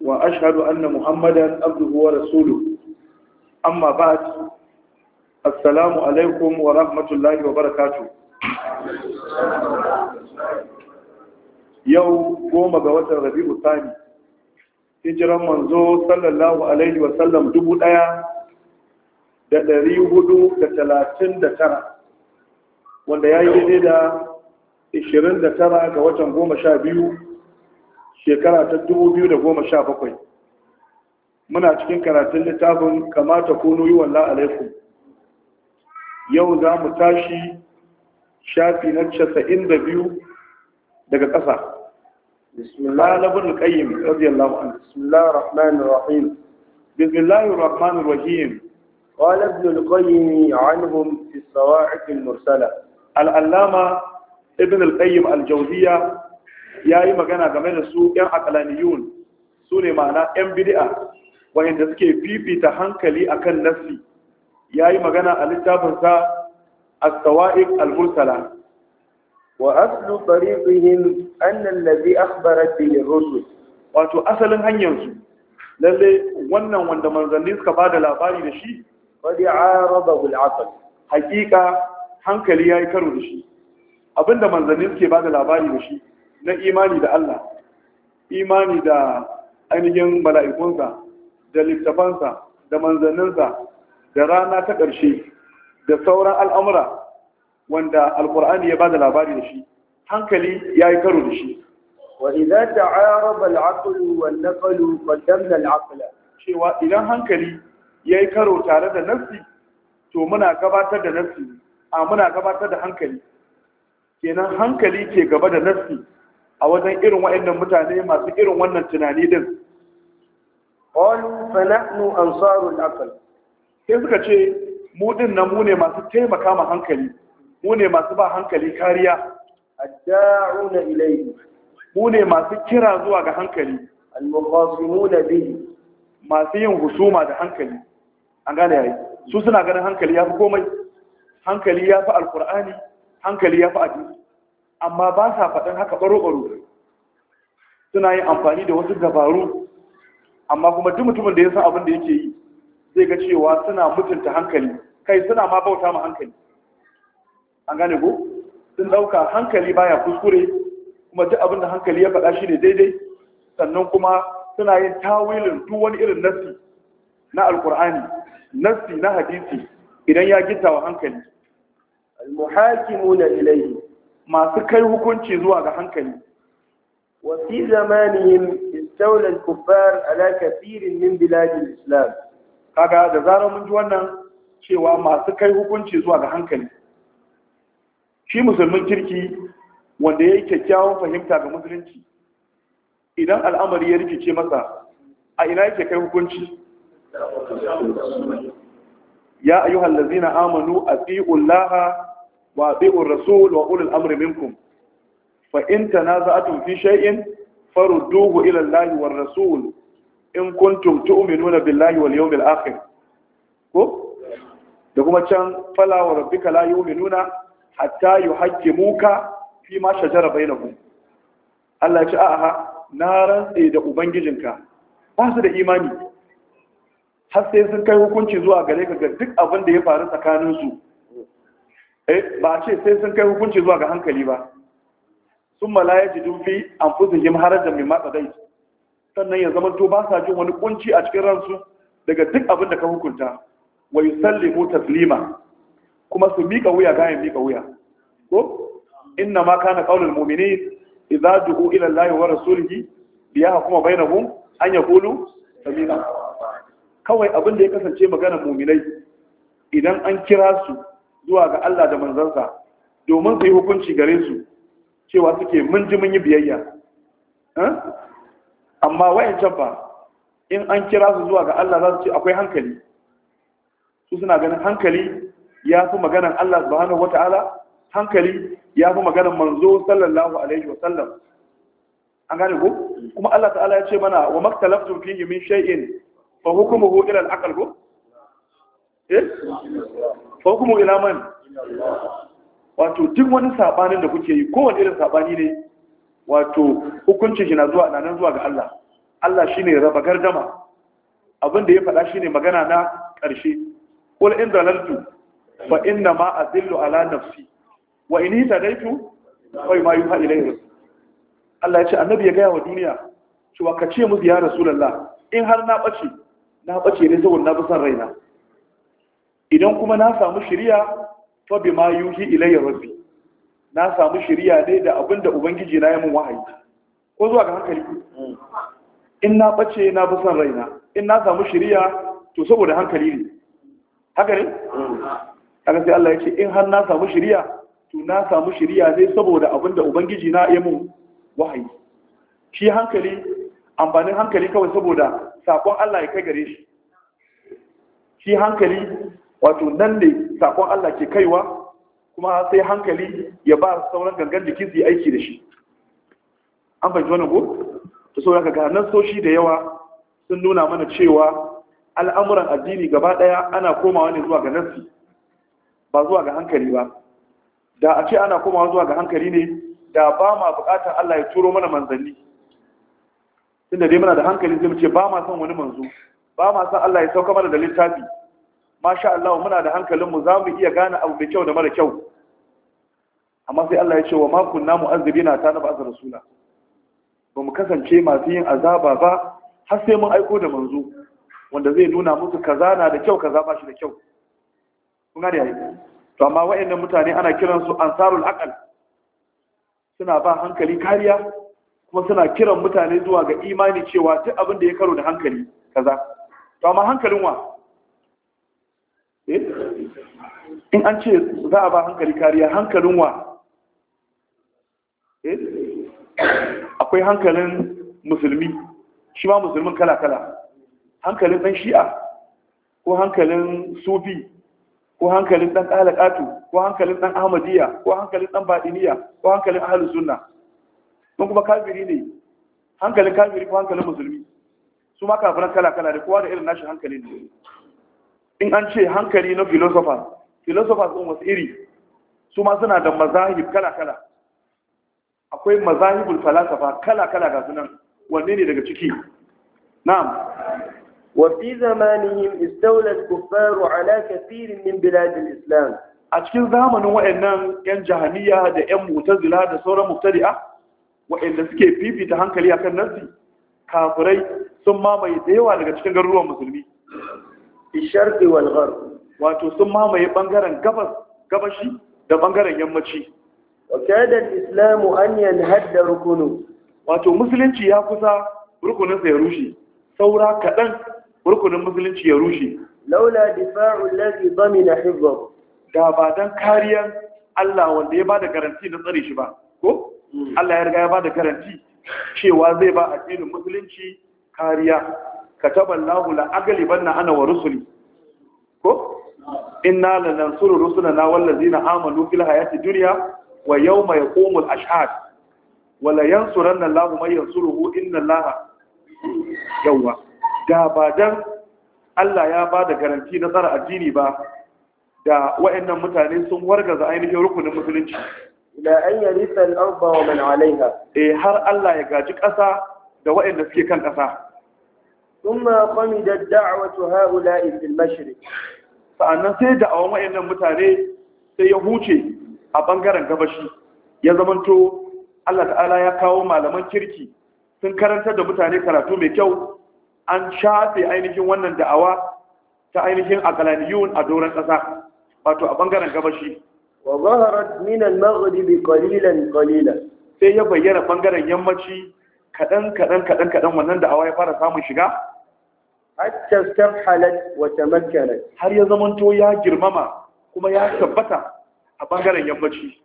wa ashadu anna muhammadan abduhu wa rasuluhu. amma ba'd assalamu alaikum wa rahmatullahi wa barakatuh yau goma ga watan rabi'u thani hijran manzo sallallahu alaihi wa sallam tara, wanda ya yi ishirin da tara ga watan goma sha biyu shekara ta 2017 muna cikin karatun littafin kamata kuno yi wallah alaikum yau za mu tashi shafi na 92 daga ƙasa بسم الله الرحمن الرحيم قال ابن القيم عنهم في الصواعق المرسلة الألامة ابن القيم الجوزية ya yi magana game da su ‘yan akalaniyun su ne ma'ana ‘yan bidi'a wa'inda suke fifita hankali a kan nassi ya yi magana a littafinsa a tsawa'ik al-mursala wa aslu tariqihim annan lazi da bihi rusul wato asalin hanyarsu lalle wannan wanda manzanni suka ba da labari da shi wadda ya raba aql hakika hankali ya yi karo da shi abinda manzanni suke ba da labari da shi na imani da Allah imani da ainihin mala'ikunsa da littafansa da manzanninsa da rana ta ƙarshe da sauran al'amura wanda alƙur'ani ya ba da labari da shi hankali ya yi karo da shi wa idan ta'araba al'aqlu wan naqlu qaddamna al'aqla cewa idan hankali ya yi karo tare da nafsi to muna gabatar da nafsi a muna gabatar da hankali kenan hankali ke gaba da nafsi a wajen irin waɗannan mutane masu irin wannan tunani din qalu fa nahnu al aql sai suka ce mu din nan mu ne masu taimaka ma hankali mu ne masu ba hankali kariya adda'una ilayhi mu ne masu kira zuwa ga hankali al-muqasimuna bihi masu yin husuma da hankali an gane yayi su suna ganin hankali ya fi komai hankali ya fi alkur'ani hankali ya fi hadisi amma ba sa faɗin haka ɓaro-ɓaro suna yin amfani da wasu dabaru amma kuma duk mutumin da ya san abin da yake yi zai ga cewa suna mutunta hankali kai suna ma bauta ma hankali an gane ko sun ɗauka hankali baya kuskure kuma duk abin da hankali ya faɗa shi ne daidai sannan kuma suna yin tawilin duk wani irin nassi na alkur'ani nassi na hadisi idan ya gitawa hankali al-muhakimuna ilayhi masu kai hukunci zuwa ga hankali Wasu zamanin, استولى الكفار alaƙa كثير min بلاد kaga da zarar mun ji wannan cewa masu kai hukunci zuwa ga hankali shi musulmin kirki wanda ya yi kyakkyawan fahimta ga musulunci idan al'amari ya rikice masa a ina yake kai hukunci ya ayyuhallazina lazina amanu ati'ullaha wa bi'u rasul wa ulul amri minkum fa in tanaza'tum fi shay'in farudduhu ila Allah war rasul in kuntum tu'minuna billahi wal yawmil akhir ko da kuma can fala wa rabbika la yu'minuna hatta yuhajjimuka fi ma shajara bainakum Allah ya ce a'a na rantse da ubangijinka ba su da imani har sai sun kai hukunci zuwa gare ka ga duk abin da ya faru tsakanin su Eh, ba a ce sai sun kai hukunci zuwa ga hankali ba sun malaya ji dubi an fusun yin maharajar mai matsa dai sannan ya zama to ba sa jin wani kunci a cikin ransu daga duk abin da ka hukunta wa yi sallimu taslima kuma su miƙa wuya gayan miƙa wuya ko inna ma kana qaulul mu'minin idza du'u ila allahi wa rasulihi liyahkuma bainahum an yaqulu sami'na kawai abin ya kasance maganar mu'minai idan an kira su zuwa ga Allah da manzansa domin su yi hukunci gare su cewa suke mun ji mun yi biyayya amma wayancan ba in an kira su zuwa ga Allah za su ce akwai hankali su suna ganin hankali ya fi maganar Allah subhanahu wata'ala hankali ya fi maganar manzo sallallahu alaihi wa sallam an gane ko kuma Allah ta'ala ya ce mana wa maktalaftu fihi min shay'in fa hukmuhu ila al-aql ko eh fa hukumu ila mani? wato duk wani sabanin da kuke yi kowane irin sabani ne wato hukuncin shi na zuwa na nan zuwa ga Allah Allah shine raba gardama Abinda ya faɗa shine magana na ƙarshe qul in dalaltu fa inna ma azillu ala nafsi wa in hidaytu fa ma yuha ilayhi Allah ya ce annabi ya gaya wa duniya cewa ka ce mu ya rasulullah in har na bace na bace ne saboda na bi son raina idan kuma na samu shiriya bi ma yuhi ilayya rabbi na samu shiriya ne da abinda ubangiji na ya min wahayi ko zuwa ga hankali in na bace na bi son raina in na samu shiriya to saboda hankali ne haka ne haka sai Allah ya ce in har na samu shiriya to na samu shiriya ne saboda abinda ubangiji na ya min wahayi shi hankali amfanin hankali kawai saboda sakon Allah ya kai gare shi shi hankali wato nan ne sakon Allah ke kaiwa kuma sai hankali ya ba sauran gangan jikin su yi aiki da shi an fahimci wani ko Ta saboda ga nan soshi da yawa sun nuna mana cewa al'amuran addini gaba daya ana komawa ne zuwa ga nassi ba zuwa ga hankali ba da a ce ana komawa zuwa ga hankali ne da ba ma bukatar Allah ya turo mana manzanni tunda dai muna da hankali zai mu ce ba ma son wani manzo ba ma son Allah ya sauka mana da littafi masha Allah muna da hankalinmu za mu iya gane abu mai kyau da mara kyau amma sai Allah ya ce wa makon kunna mu'azzibina ta na ba'azar rasula ba mu kasance masu yin azaba ba har sai mun aiko da manzo wanda zai nuna musu kaza na da kyau kaza ba shi da kyau kun gane yayi to amma wayannan mutane ana kiran su ansarul aqal suna ba hankali kariya kuma suna kiran mutane zuwa ga imani cewa duk abin da ya karo da hankali kaza to amma hankalin wa Eh? in an ce za a ba hankali kariya hankalin wa eh? akwai hankalin musulmi shi ma musulmin kala-kala hankalin ɗan shi'a ko hankalin sufi ko hankalin ɗan ɗalakatu ko hankalin ɗan ahmadiyya ko hankalin ɗan baɗiniya ko hankalin ahalus suna don kuma kafiri ne hankalin kafiri ko hankalin musulmi su ma kafiran kala-kala da kowa da irin nashi hankalin ne in an ce hankali na filosofar filosofar sun wasu iri su ma suna da mazahib kala-kala akwai mazahibul falasafa kala-kala ga sunan wanne ne daga ciki na'am وفي زمانهم استولى wa alaƙa كثير min biladin Islam. a cikin zamanin wa'annan 'yan jahaniya da 'yan mutazila da sauran mubtadi'a wa'anda suke fifita hankali akan nasi kafirai sun mamaye da yawa daga cikin garuruwan musulmi isharqi wal wato sun mamaye ɓangaren gabas gabashi da ɓangaren yammaci wa kada islamu islam rukunu wato musulunci ya kusa rukunin ya rushe saura kaɗan rukunin musulunci ya rushe laula difa'u allazi damina hifzahu da ba dan kariyar Allah wanda ya bada garanti na tsare shi ba ko hmm. Allah ya riga ya bada garanti cewa zai ba addinin musulunci kariya kataballahu la aghlibanna ana wa rusuli ko inna lanansuru rusulana wallazina amanu fil hayati dunya wa yawma yaqumul ashhad wa la yansuranna allahu man yansuruhu inna allaha yawa da ba dan Allah ya ba da garanti na tsara addini ba da waɗannan mutane sun wargaza ainihin rukunin musulunci da an yi risa al'arba wa man alaiha eh har Allah ya gaji ƙasa da waɗanda suke kan ƙasa ثم خمدت دعوة هؤلاء في المشرق sa'annan sai da'awan wayannan mutane sai ya huce a bangaren gabashi ya zamanto Allah ta'ala ya kawo malaman kirki sun karantar da mutane karatu mai kyau an shafe ainihin wannan da'awa ta ainihin akalaniyun a doron ƙasa wato a bangaren gabashi wa zaharat min al-maghrib qalilan qalilan sai ya bayyana bangaren yammaci kadan kadan kadan kadan wannan da'awa ya fara samun shiga hatta istamhalat wa tamakkalat har ya zamanto ya girmama kuma ya tabbata a bangaren yammaci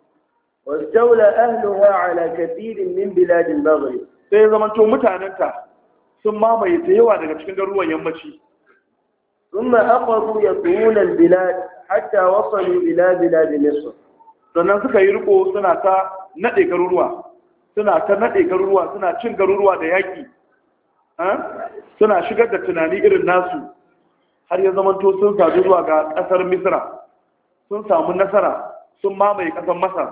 Wasu ahluha ala kathirin min bilad al-maghrib sai ya zamanto mutananta sun mamaye ta yawa daga cikin garuruwan yammaci aqadu أخذوا ya bilad hatta wasalu ila bilad misr sannan suka yi riko suna ta naɗe garuruwa suna ta nade garuruwa suna cin garuruwa da yaki. suna shigar da tunani irin nasu har ya zamanto sun sadu zuwa ga ƙasar misra sun samu nasara sun mamaye ƙasar masar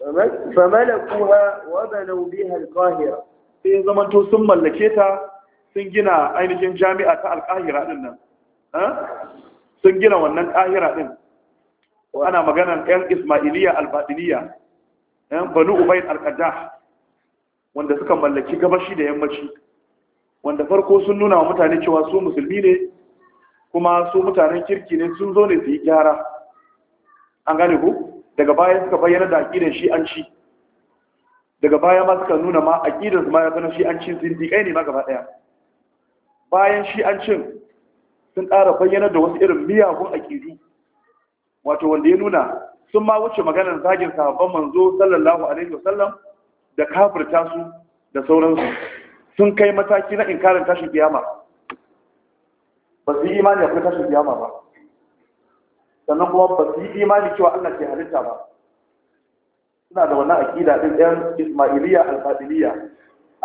فملكوها وبنوا بها to sun mallake ta sun gina ainihin jami'a ta alƙahira din nan sun gina wannan ƙahira din ana maganan 'yan ismailiya albaɗiniya ƴan banu ubayd alqaddah wanda suka mallaki gabashi da yammaci wanda farko sun nuna wa mutane cewa su musulmi ne kuma su mutanen kirki ne sun zo ne su yi gyara an gane ku daga baya suka bayyana da aƙidan shi an ci daga baya ma suka nuna ma aƙidan su ma ya sanar shi an cin zindiƙai ne ma gaba ɗaya bayan shi an cin sun ƙara bayyana da wasu irin miyagun aƙidu wato wanda ya nuna sun ma wuce maganar zagin sahabban manzo sallallahu alaihi wasallam da kafirta su da sauransu sun kai mataki na inkarin tashin kiyama ba su yi imani akwai tashin kiyama ba sannan kuma ba su yi imani cewa Allah ke halitta ba suna da wannan aƙida ɗin ɗan ismailiya al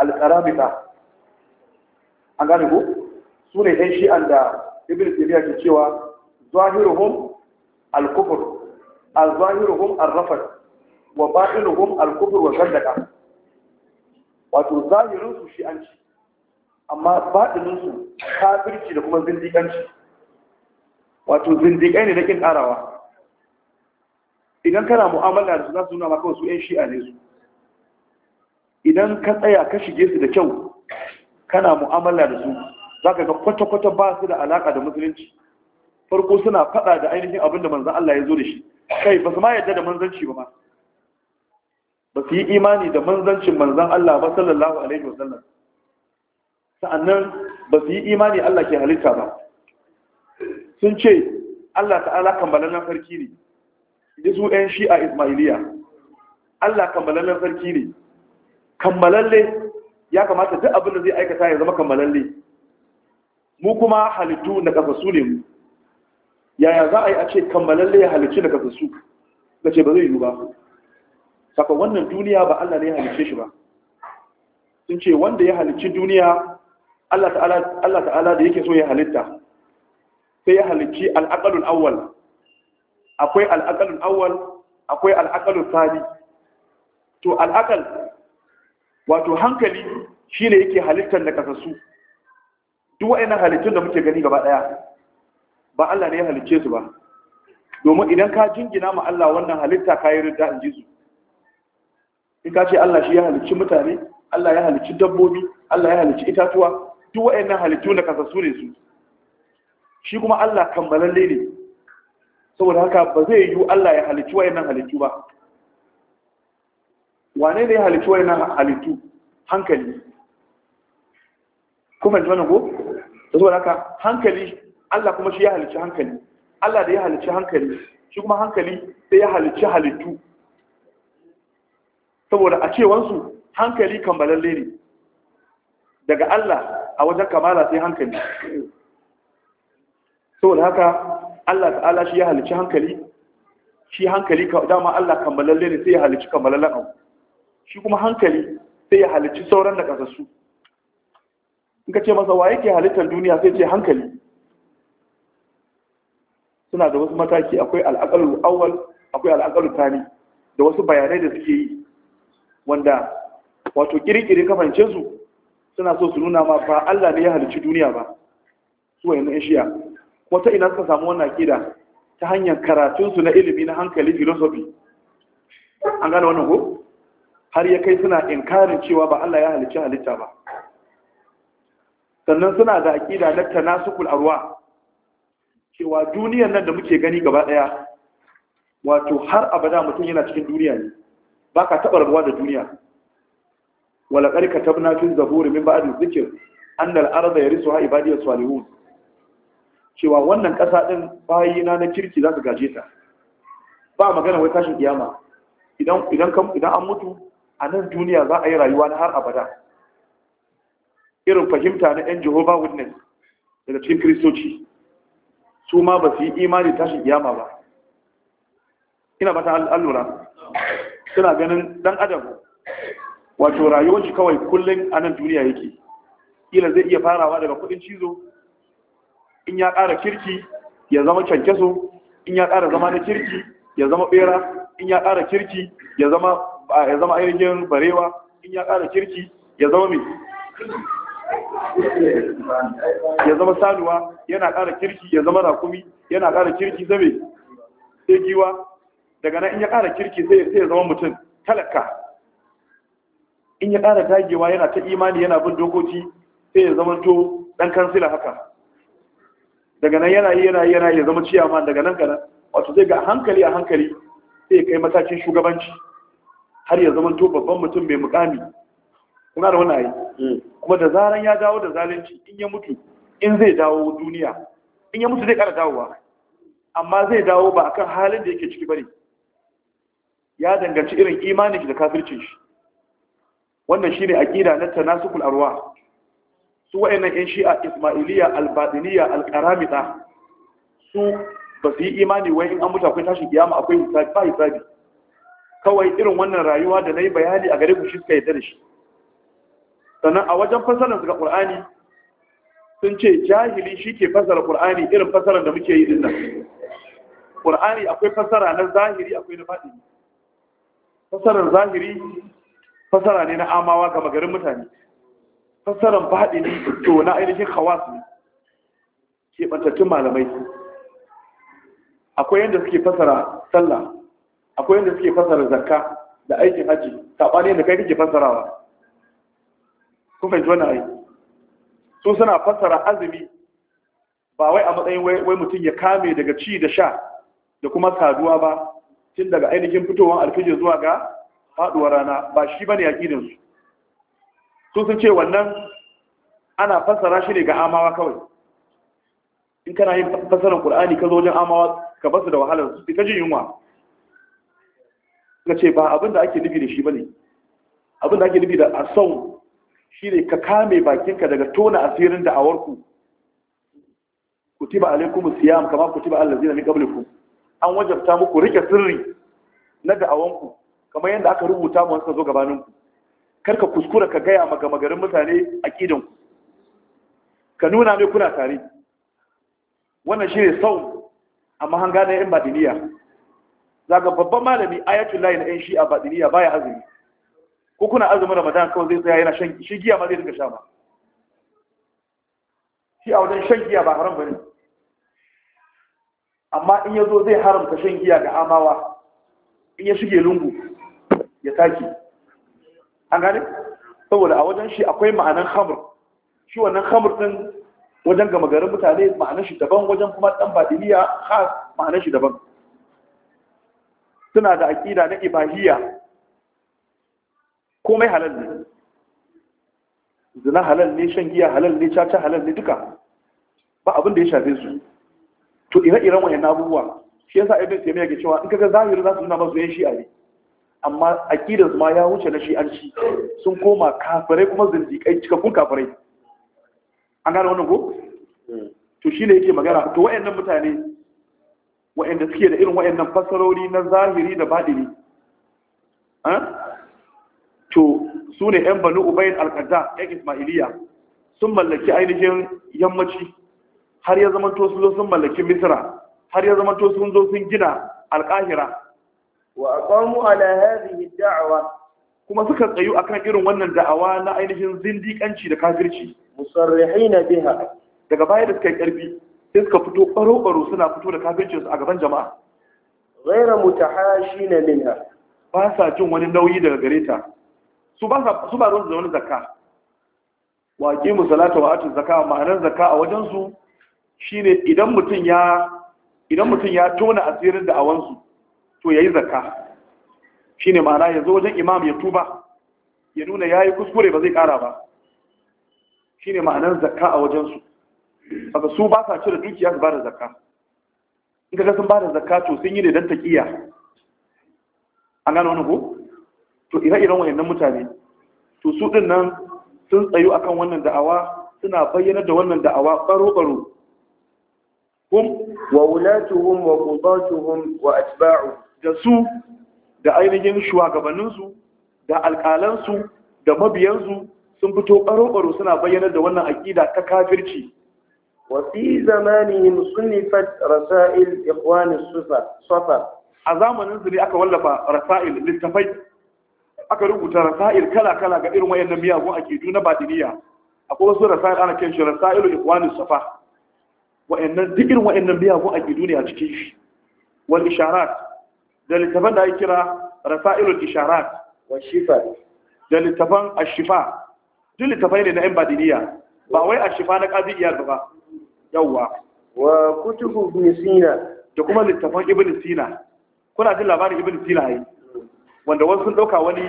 alƙarabita an gane ko su ne ɗan shi'an da ibn tafiya ke cewa zahiruhum al-kufr al-zahiruhum ar-rafd wa ba'inuhum al-kufr wa shaddaka wato zahirin su shi'anci amma faɗininsu su kafirci da kuma zindiƙanci wato zindiƙai ne na ƙin ƙarawa idan kana mu'amala da su za su nuna maka wasu 'yan shi'a ne su idan ka tsaya ka shige su da kyau kana mu'amala da su za ka ga kwata-kwata ba su da alaƙa da musulunci farko suna faɗa da ainihin abin da manzan Allah ya zo da shi kai ba su ma yadda da manzanci ba ma ba su yi imani da manzancin manzan Allah ba sallallahu alaihi wasallam sa'annan ba su yi imani Allah ke halitta ba sun ce Allah ta'ala kammalallen sarki ne da su shi a ismailiya Allah kammalallen sarki ne kammalalle ya kamata duk abin da zai aikata ya zama kammalalle mu kuma halittu na kafasu ne mu yaya za a yi a ce kammalalle ya halicci na kafasu ka ce ba zai yi ba saka wannan duniya ba Allah ne ya halicce shi ba sun ce wanda ya halicci duniya Allah ta'ala da yake so ya halitta sai ya halicci al'aqalul awwal akwai al'aqalul awwal akwai al'aqalul thani to al'aqal wato hankali shine yake halittar da kasassu duk wayannan halittun da muke gani gaba daya ba Allah ne ya halicce su ba domin idan ka jingina ma Allah wannan halitta yi ridda in ji su in ka ce Allah shi ya halicci mutane Allah ya halicci dabbobi Allah ya halicci itatuwa duk waɗannan halittu na su ne su shi kuma Allah kammalalle ne saboda haka ba zai yiwu Allah ya halicci waɗannan halittu ba wane ne ya halicci waɗannan halittu hankali kuma ji wannan ko saboda haka hankali Allah kuma shi ya halicci hankali Allah da ya halicci hankali shi kuma hankali sai ya halicci halittu saboda a cewansu hankali balalle ne daga Allah a wajen kamala sai hankali saboda haka Allah ta'ala shi ya halici hankali shi hankali dama Allah balalle ne sai ya halici balalle abu shi kuma hankali sai ya halici sauran da kasassu in ka ce masa wa yake halittar duniya sai ce hankali suna da wasu mataki akwai al'akalu awwal akwai al'akalu tani da wasu bayanai da suke yi wanda wato kirkiri kafance suna so su nuna ma ba Allah ne ya halicci duniya ba su wayan nan Kuma wata ina suka samu wannan akida ta hanyar karatun su na ilimi na hankali philosophy an gane wannan ko har ya kai suna inkarin cewa ba Allah ya halicci halitta ba sannan suna da akida na tanasukul arwa cewa duniyar nan da muke gani gaba daya wato har abada mutum yana cikin duniya ne ba ka taɓa rabuwa da duniya wala ƙarƙa tabna fi zaburi min ba'ad zikir annal arda yarisuha ibadiyas salihun cewa wannan ƙasa din bayi na kirki za su gaje ta ba magana wai tashin kiyama idan idan idan an mutu a nan duniya za a yi rayuwa na har abada irin fahimta na yan Jehovah Witness daga cikin kristoci su ma ba su yi imani tashin kiyama ba ina ba ta allura suna ganin dan adam wato rayuwar shi kawai kullum a nan duniya yake kila zai iya farawa daga kudin cizo in ya ƙara kirki ya zama cankeso in ya ƙara zama na kirki ya zama bera in ya ƙara kirki ya zama ya zama ayyukan barewa in ya ƙara kirki ya zama mai ya zama saluwa yana ƙara kirki ya zama rakumi yana ƙara kirki zame sai giwa daga nan in ya ƙara kirki zai ya zama mutum talaka in ya ƙara dagewa yana ta imani yana bin dokoki sai ya zama to ɗan kansila haka daga nan yana yi yana yana ya zama ciyama daga nan kanan wato zai ga hankali a hankali sai ya kai matakin shugabanci har ya zama to babban mutum mai mukami Kuma da wani mm. kuma da zaran ya dawo da zalunci in ya mutu in zai dawo duniya in ya mutu zai ƙara dawowa amma zai dawo ba akan halin da yake ciki bane ya danganci irin imanin shi da kafircin shi wannan shine aqida na tanasukul arwa su wayannan yan shi'a ismailiya albadiniya alqaramida su ba su yi imani wai in an mutu akwai tashin kiyama akwai hisabi ba hisabi kawai irin wannan rayuwa da nayi bayani a gare ku shi suka yarda da shi sannan a wajen fasalan su ga qur'ani sun ce jahili shi ke fasara qur'ani irin fasarar da muke yi din nan qur'ani akwai fasara na zahiri akwai na batini fasarar zahiri fasara ne na amawa ga magarin mutane fasarar ne to na ainihin khawas ne ke ɓantattun malamai akwai yadda suke fasara sallah akwai yadda suke fasara zakka da aikin haji saɓani yadda kai kake fasarawa kun fahimci wannan ai su suna fasara azumi ba wai a matsayin wai mutum ya kame daga ci da sha da kuma saduwa ba tun daga ainihin fitowar alfijir zuwa ga faduwar rana ba shi ba ne su su sun ce wannan ana fassara shi ne ga amawa kawai in kana yin fassarar qur'ani ka zo wajen amawa ka basu da wahalar su ta jin yunwa ka ce ba abin da ake nufi da shi ba ne. abin da ake nufi da asau shine ka kame bakinka daga tona asirin da awarku kutiba alaikum siyam kama kutiba allazina min qablikum an wajabta muku rike sirri na da'awanku kamar yadda aka rubuta mu suka zo gabaninku kar ka kuskura ka gaya ma gama garin mutane aqidanku ka nuna mai kuna tare wannan shine sau amma hanga gane yan badiniya zaga babban malami ayatullahi na yan a badiniya baya azumi ko kuna azumin ramadan kawai zai tsaya yana shan shi giya ma zai dinga sha ba shi a wajen shan giya ba haram bane amma in ya zo zai haramta shan giya ga amawa in ya shige lungu ya taki an gane saboda a wajen shi akwai ma'anan hamur shi wannan hamur din wajen gama garin mutane ma'anar shi daban wajen kuma dan badiliya khas ma'anar shi daban suna da aqida na ibahiyya komai halal ne zina halal ne shan giya halal ne caca halal ne duka ba abin da ya shafe su to ire-iren wayan abubuwa shi yasa ibn taymiya ke cewa in kaga zahiri za su nuna masu shi shi'a ne amma aqidar su ma ya wuce na shi'anci sun koma kafirai kuma zindiƙai cikakkun kafirai an gane wannan ko hmm. to shi ne yake magana to wayannan mutane wayanda suke da irin wayannan fasarori na zahiri da baɗini eh? to sune ne Banu banu Al-Qadda, 'yan ismailiya sun mallaki ainihin yammaci har ya zama to sun zo sun mallaki misra har ya zama to sun zo sun gina alƙahira wa aqamu ala hadhihi da'wa kuma suka tsayu akan irin wannan da'awa na ainihin zindiƙanci da kafirci musarrihina biha daga baya da suka yi karfi sai suka fito ɓaro-ɓaro suna fito da kafircinsu a gaban jama'a ghaira mutahashina minha ba sa jin wani nauyi daga gare ta su ba su ba ruwan da wani zakka wa aqimu salata wa atu zakka ma'anar zakka a wajen su shine idan mutum ya idan mutum ya tona asirin da awansu to yayi zakka shine ma'ana ya zo wajen imam ya tuba ya nuna yayi kuskure ba zai kara ba shine ma'anar zakka a wajen su su ba sa cire dukiya su ba da zakka in ka ga sun ba da zakka to sun yi ne dan taqiya an gano wani ko to ire-iren wayannan mutane to su din nan sun tsayo akan wannan da'awa suna bayyana da wannan da'awa baro-baro hum wa wulatuhum wa qudatuhum wa atba'u da su da ainihin shugabanninsu da alƙalansu da mabiyansu sun fito ƙaro-ƙaro suna bayyanar da wannan aƙida ta kafirci wa fi zamanihim sunnifat rasail ikhwan as-safar a zamanin su ne aka wallafa rasail littafai aka rubuta rasail kala-kala ga irin wayannan miyagun ake na batiniya akwai wasu rasail ana kiran shi rasail ikhwan as-safar wa'annan duk irin wa'annan miyagun aƙidu ne a cikin shi wal isharat da littafan da ake kira rasailul isharat wa shifa da littafan ashifa duk littafai ne na yan badiniya ba wai ashifa na qadiyya ba yawa wa kutubu ibn sina da kuma littafan ibn sina kuna jin labarin ibn sina yi. wanda wasu sun ɗauka wani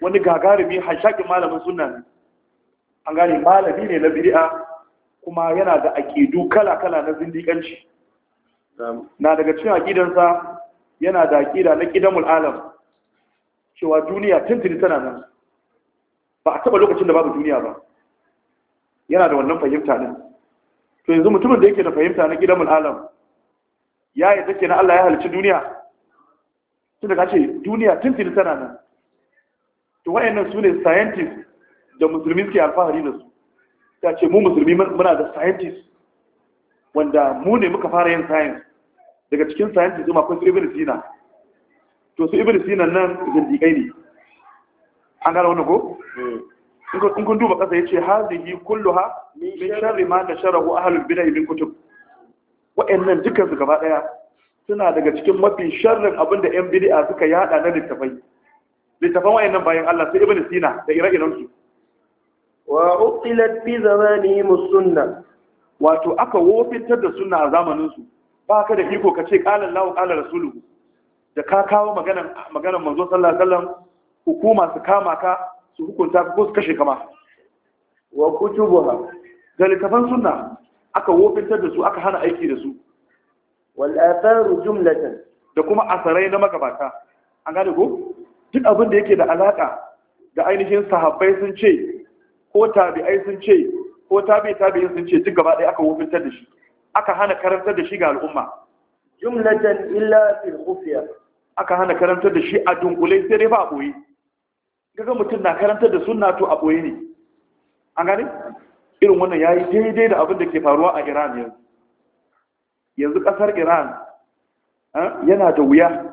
wani gagarumi hashakin malamin sunna ne an gane malami ne na bid'a kuma yana da akidu kala-kala na zindiƙanci na daga cikin gidansa, yana da aƙida na ƙidamul alam cewa duniya tuntuni tana nan ba a taɓa lokacin da babu duniya ba yana da wannan fahimta ne to yanzu mutumin da yake da fahimta na ƙidamul alam ya yi zake na Allah ya halicci duniya tun da ka ce duniya tuntuni tana nan to wa'annan su ne scientist da musulmi suke alfahari da su ta ce mu musulmi muna da scientist wanda mu ne muka fara yin science daga cikin scientist zuma kwanci su ibn sina to su ibn sina nan zindiƙai ne an gara wani ko hmm. in kun duba kasa ya ce kullu ha? min shari ma da ko ahlul bid'ah ibin kutub wa'annan dukkan su gaba daya suna daga cikin mafi sharrin abinda yan bid'a suka yada na littafai littafan wa'annan bayan Allah sai ibn sina da ire-iren su wa uqilat fi zamani as-sunnah wato aka wofitar da sunna a zamanin su ba ka da iko ka ce qala Allah qala rasuluhu da ka kawo maganan maganan manzo sallallahu alaihi wasallam hukuma su kama ka su hukunta ko su kashe kama wa kutubuha da littafan sunna aka wofintar da su aka hana aiki da su wal atharu jumlatan da kuma asarai na magabata an gane ko duk abin da yake da alaka da ainihin sahabbai sun ce ko tabi'ai sun ce ko tabi'i tabi'in sun ce duk gaba ɗaya aka wufintar da shi aka hana karantar da shi ga al'umma jumlatan illa fil khufiya aka hana karantar da shi a dunkule sai dai ba a boye kaga mutum na karantar da sunna to a boye ne an gane irin wannan yayi daidai da abin da ke faruwa a Iran yanzu yanzu kasar Iran eh, yana da wuya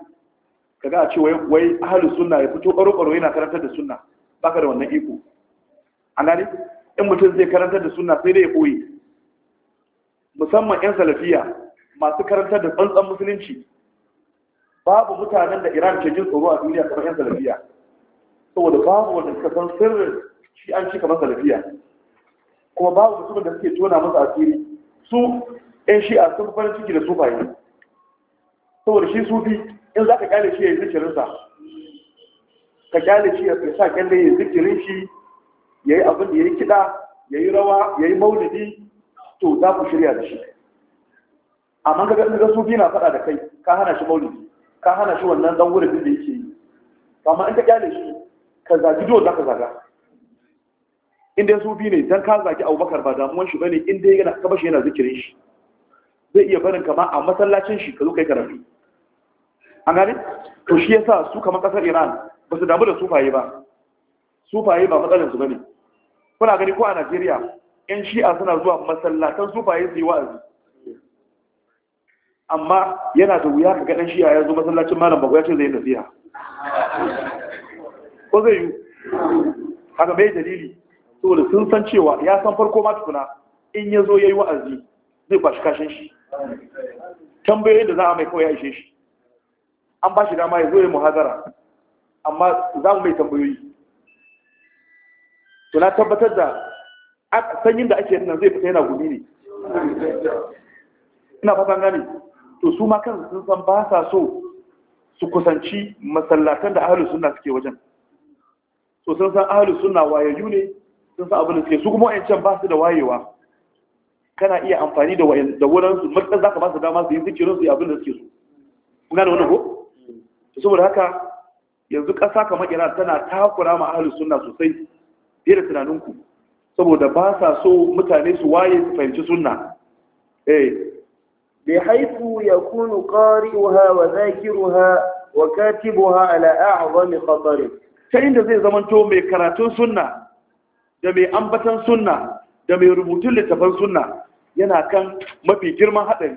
kaga a ce wai wai ahlus sunna ya fito karo karo yana karantar da sunna baka da wannan iko a in mutum zai karantar da suna sai dai ya koyi. musamman 'yan salafiya masu karantar da tsantsan musulunci babu mutanen da iran ke jin tsoro a duniya kamar 'yan salafiya saboda babu wanda suka san sirrin shi an ci kamar salafiya kuma babu mutumin da suke tona masa asiri su 'yan shi'a sun farin ciki da sufaye saboda shi sufi in za ka kyale shi ya yi zikirinsa ka kyale shi ya fi sa kyalle ya zikirin shi yayi abin da yayi kida yayi rawa yayi maulidi to za ku shirya da shi amma ga in ga sufi na faɗa da kai ka hana shi maulidi ka hana shi wannan dan wurin da yake yi amma in ka kyale shi ka zaki do za ka zaga in dai sufi ne dan ka zaki Abubakar ba damuwan shi bane in dai yana ka bashi yana zikirin shi zai iya barin kama a masallacin shi ka zo kai karatu an gane to shi yasa su kamar ƙasar Iran ba su damu da sufaye ba sufaye ba matsalinsu ba ne. kuna gani ko a Najeriya yan shi'a suna zuwa masallatan sufaye su yi wa'azi amma yana da wuya ka gaɗan shi'a ya zo masallacin malam ya ce zai nasiha ko zai yi haka mai dalili saboda sun san cewa ya san farko ma tukuna in ya zo ya yi wa'azi zai kwashi kashin shi tambayoyin da za a mai kawai ya ishe shi an ba shi dama ya zo ya muhazara amma za mu mai tambayoyi to na tabbatar da sanyin da ake nan zai fita yana gumi ne ina fatan gane to su ma kansu sun san ba sa so su kusanci masallatan da ahlus sunna suke wajen to sun san ahlus sunna wayayyu ne sun san abin da suke su kuma wayancan ba su da wayewa kana iya amfani da wayan da wurin su mutan zaka ba su dama su yi zikirin su abin da suke so kuna da wani ko saboda haka yanzu ƙasa kamar Iran tana takura ma ahlus sunna sosai fiye da tunaninku saboda ba sa so mutane su waye su fahimci sunna eh bi ya kunu qari'uha wa zakiruha wa katibuha ala wani khatar ta inda zai to mai karatun sunna da mai ambatan sunna da mai rubutun littafan sunna yana kan mafi girman hadari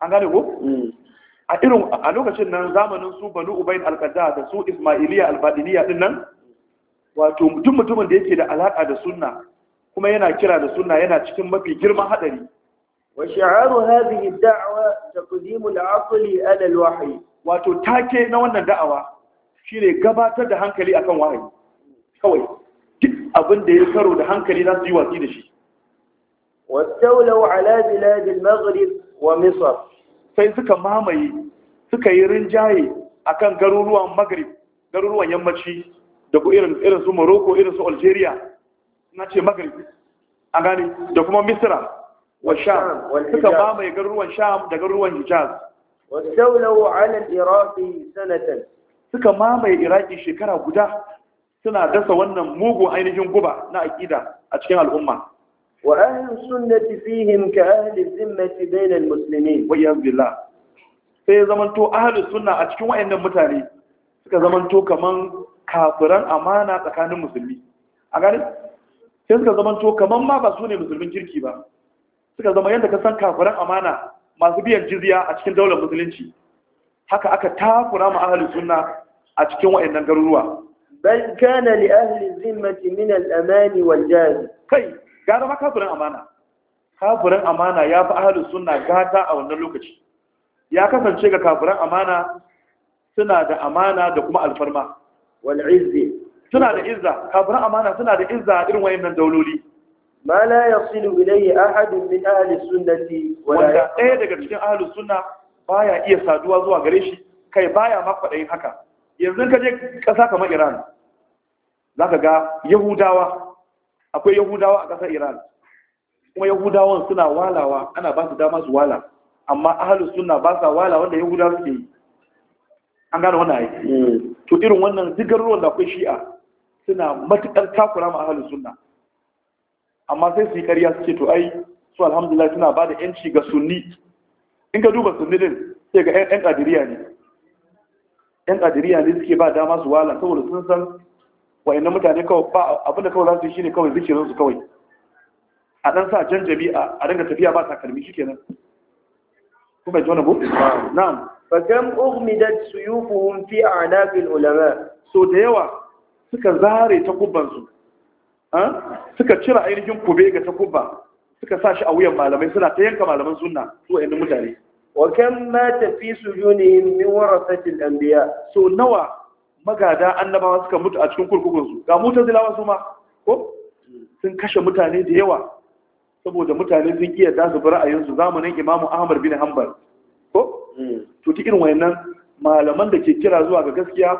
an gane ko mm. a irin a lokacin nan zamanin su banu ubayn al da su ismailiya al-badiliya din nan wato mutum mutumin da yake da alaƙa da sunna kuma yana kira da sunna yana cikin mafi girma haɗari wa shi'aru hadhihi ad-da'wa taqdimu al-aqli ala al-wahyi wato take na wannan da'awa shine gabatar da hankali akan wahayi kawai duk abin da ya karo da hankali za su yi watsi da shi wastawlaw ala bilad al-maghrib wa misr sai suka mamaye suka yi rinjaye akan garuruwan maghrib garuruwan yammaci da ku irin su morocco irin su algeria na ce maghrib an gane da kuma misra wa sham suka mamaye garuruwan sham da garuruwan hijaz wadaulau ala iraqi sanatan suka mamaye iraki shekara guda suna dasa wannan mugu ainihin guba na aqida a cikin al'umma wa ahli sunnati fihim ka ahli zimmati bainal muslimin wa yazbillah sai zamanto ahli sunna a cikin wayannan mutane suka to kaman kafiran amana tsakanin musulmi a gani sai suka to kaman ma ba su ne musulmin kirki ba suka zama yadda ka san kafiran amana masu biyan jizya a cikin daular musulunci haka aka takura ma ahalin sunna a cikin wayannan garuruwa bal kana li ahli zimmati min al-amani wal jaz kai gara ma kafiran amana kafiran amana ya fi ahalin sunna gata a wannan lokaci ya kasance ga kafiran amana suna da amana da kuma alfarma wal izzi suna da izza kafiran amana suna da izza irin nan dauloli ma la yasilu ilayhi ahadun min ahli sunnati wanda ɗaya daga cikin ahli sunna baya iya saduwa zuwa gare shi kai baya ma kwaɗayin haka yanzu ka je ƙasa kamar Iran zaka ga Yahudawa akwai Yahudawa a ƙasar Iran kuma Yahudawan suna walawa ana ba su dama su wala amma ahli sunna ba sa wala wanda Yahudawa suke yi an gane wannan ai hmm. to irin wannan duk da akwai shi'a suna matukar takura ma ahalin sunna amma sai su yi ƙarya su ce to ai su alhamdulillah suna ba da yanci ga sunni in ka duba sunni din sai ga yan kadiriya ne yan kadiriya ne suke ba dama su wala saboda sun san wayannan mutane kawai ba abin da kawai za su yi shine kawai zikirin su kawai a dan sa janjabi a ringa tafiya ba takalmi shikenan kuma jona bu na'am fa kam ughmidat suyufuhum fi a'naqil ulama so da yawa suka zare takubban su suka cira ainihin kube ga takubba suka sa shi a wuyan malamai suna ta yanka malaman sunna su wayannan mutane wa kam mata fi sujunihim min warasati al-anbiya so nawa magada annabawa suka mutu a cikin kurkukun su ga mutazilawa su ma ko sun kashe mutane da yawa saboda mutane sun iya da su ra'ayin su zamanin Imam Ahmad bin Hanbal ko to ta irin wayannan malaman da ke kira zuwa ga gaskiya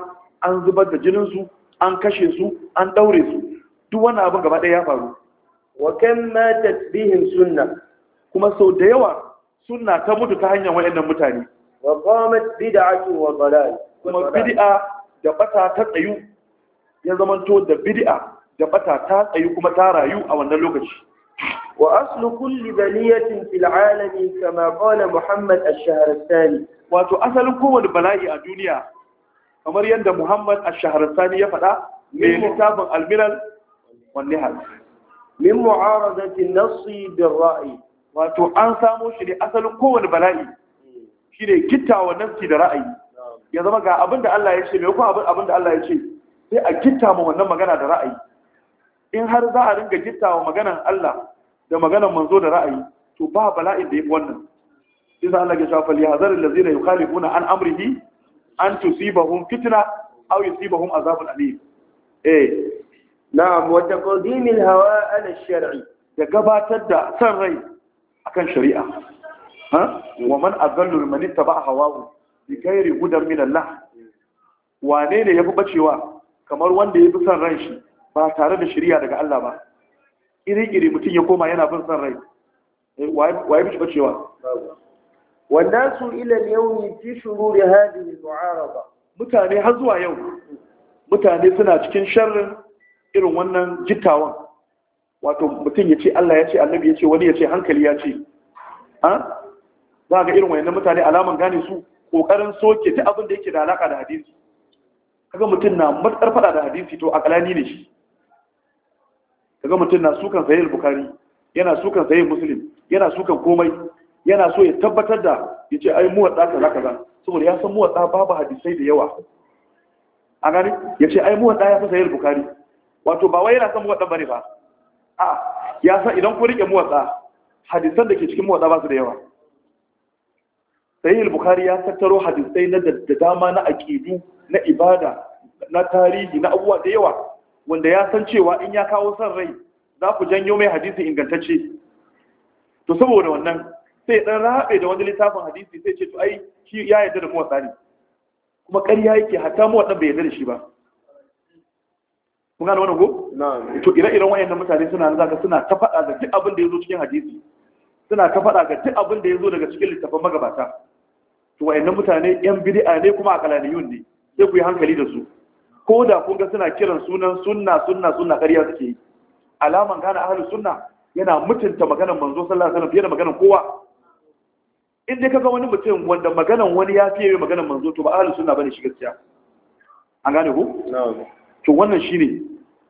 an zubar da jinin su, an kashe su an daure su duk wani abin gaba ɗaya ya faru wa kan matat bihim sunna kuma sau da yawa sunna ta mutu ta hanyar wayannan mutane wa qamat bid'atu wa dalal kuma bid'a da bata ta tsayu ya zamanto da bid'a da bata ta tsayu kuma ta rayu a wannan lokaci وأصل كل بلية في العالم كما قال محمد الشهر الثاني wato asalin kowane bala'i a duniya kamar yadda Muhammad Ash-Shahrastani ya faɗa mai littafin Al-Milal wan Nihal min mu'aradati an-nassi bir wato an samo shi ne asalin bala'i gittawa da ra'ayi ya zama ga abin da Allah ya ce mai ko abin da Allah ya ce sai a gitta mu wannan magana da ra'ayi in har za a ringa gittawa maganar Allah da maganar manzo da ra'ayi to ba bala'in da yake wannan idan Allah ya shafa li hazar allazina yukhalifuna an amrihi an tusibahum fitna aw yusibahum azabun alim eh na'am wa taqdim al-hawa ala shari da gabatar da san rai akan shari'a ha wa man adallu man ittaba hawahu bi ghairi hudan min Allah wane ne yafi bacewa kamar wanda yafi san ran shi ba tare da shari'a daga Allah ba iri-iri mutum ya koma yana bin san rai Wa fi bi cewa wanda su ila yawmi fi da tsohara ba mutane har zuwa yau mutane suna cikin sharrin irin wannan jittawan wato mutum ya ce Allah ya ce annabi ya ce wani ya ce hankali ya ce ha za ga irin wayannan mutane alaman gane su kokarin soke ta abin da yake da alaka da hadisi kaga mutum na matsar fada da hadisi to akalani ne shi kaga mutum na sukan al bukhari yana sukan sayi muslim yana sukan komai yana so ya tabbatar da yace ai muwadda kaza kaza saboda ya san muwadda babu hadisai da yawa a gani yace ai muwadda ya sayi al bukhari wato ba wai yana san muwadda bane ba a ya san idan ku rike muwadda hadisan da ke cikin muwadda ba su da yawa al bukhari ya tattaro hadisai na da dama na aqidu na ibada na tarihi na abuwa da yawa wanda ya san cewa in ya kawo son rai za ku janyo mai hadisi ingantacce to saboda wannan sai dan rabe da wani littafin hadisi sai ce to ai shi ya yarda da kuma ne kuma ƙarya yake hatta mu muwatsa bai yarda da shi ba kun gane wannan ko na'am to ire-iren wayannan mutane suna nan zaka suna ta faɗa ga duk abin da yazo cikin hadisi suna ta faɗa ga duk abin da yazo daga cikin littafin magabata to wayannan mutane yan bid'a ne kuma akalaniyun ne sai ku yi hankali da su ko da kun ga suna kiran sunan sunna sunna sunna ƙarya suke yi alaman gane ahlus sunna yana mutunta maganar manzo sallallahu alaihi wasallam fiye da maganar kowa in dai kaga wani mutum wanda maganar wani ya fiye maganar manzo to ba ahlus sunna bane shi gaskiya an gane ku to wannan shine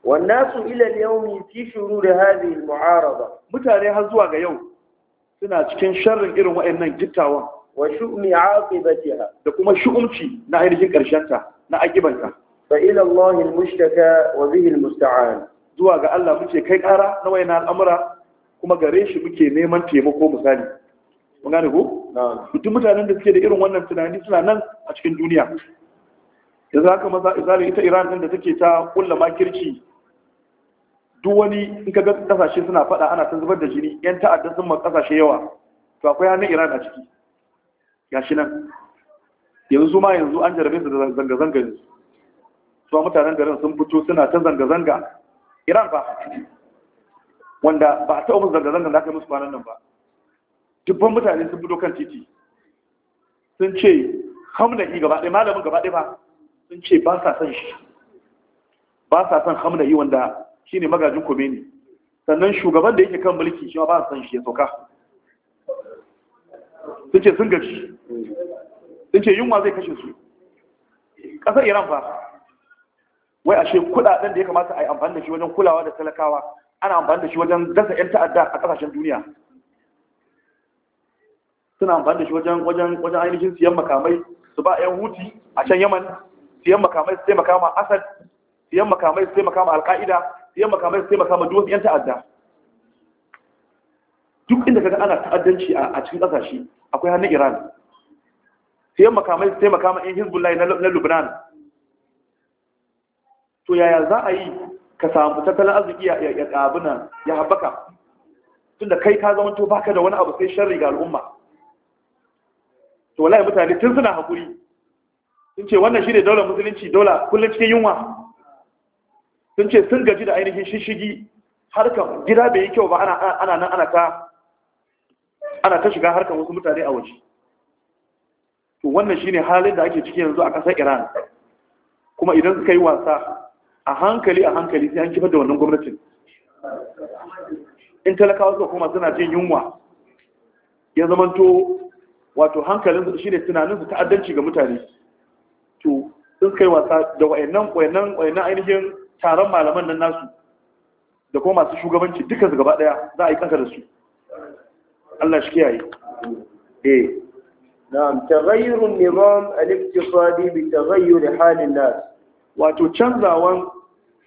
wannasu ila al-yawmi fi shurur hadhihi al mutane har zuwa ga yau suna cikin sharrin irin wayannan gittawan wa shu'mi aqibatiha da kuma shu'umci na ainihin karshenta na akibanta fa ila Allah al-mushtaka wa bihi al-musta'an zuwa ga Allah muke kai ƙara na wayan al'amura kuma gare shi muke neman taimako misali mun gane ko mutum mutanen da suke da irin wannan tunani suna nan a cikin duniya da za ka maza izali ita Iran din da take ta kulla makirci duk wani in ka ga kasashe suna faɗa ana ta zubar da jini yan ta'adda sun ma kasashe yawa to akwai hannun Iran a ciki gashi nan yanzu ma yanzu an jarabe su da zanga-zanga yanzu su mutanen garin sun fito suna ta zanga-zanga iran ba wanda ba a taɓa musu zanga-zanga da aka musu kwanan nan ba dubban mutane sun fito kan titi sun ce yi gaba ɗaya malamin gaba ɗaya ba sun ce ba sa son shi ba sa son yi wanda shi ne magajin komeni sannan shugaban da yake kan mulki shi ba sa son shi ya sauka sun ce sun gaji sun ce yunwa zai kashe su ƙasar iran ba wai ashe kudaden da ya kamata a yi amfani da shi wajen kulawa da talakawa ana amfani da shi wajen dasa 'yan ta'adda a kasashen duniya suna amfani da shi wajen wajen wajen ainihin siyan makamai su ba 'yan huti a can yaman siyan makamai su taimaka ma asad siyan makamai su taimaka ma alka'ida siyan makamai su taimaka ma duk wasu 'yan ta'adda duk inda kaga ana ta'addanci a cikin kasashe akwai hannun iran siyan makamai su taimaka ma 'yan hezbollah na lubnan to yaya za a yi ka samu tattalin arziki ya ƙabuna ya haɓaka tun da kai ka zama to baka da wani abu sai shari ga al'umma to wala mutane tun suna haƙuri sun ce wannan shi ne daular musulunci daula kullum cikin yunwa sun ce sun gaji da ainihin shishigi harkar gida bai yi kyau ba ana nan ana ta ana ta shiga harkar wasu mutane a waje to wannan shi ne halin da ake ciki yanzu a ƙasar iran kuma idan suka yi wasa a hankali a hankali sai an kifar da wannan gwamnatin in talakawa suka koma suna jin yunwa ya zamanto wato hankalin shi ne tunanin su ta'addanci ga mutane to sun kai wasa da wayannan wayannan wayannan ainihin taron malaman nan nasu da kuma masu shugabanci dukkan su gaba daya za a yi kanka da su Allah shi kiyaye eh na'am taghayyurun nizam al-iqtisadi bi taghayyur halin nas wato canzawan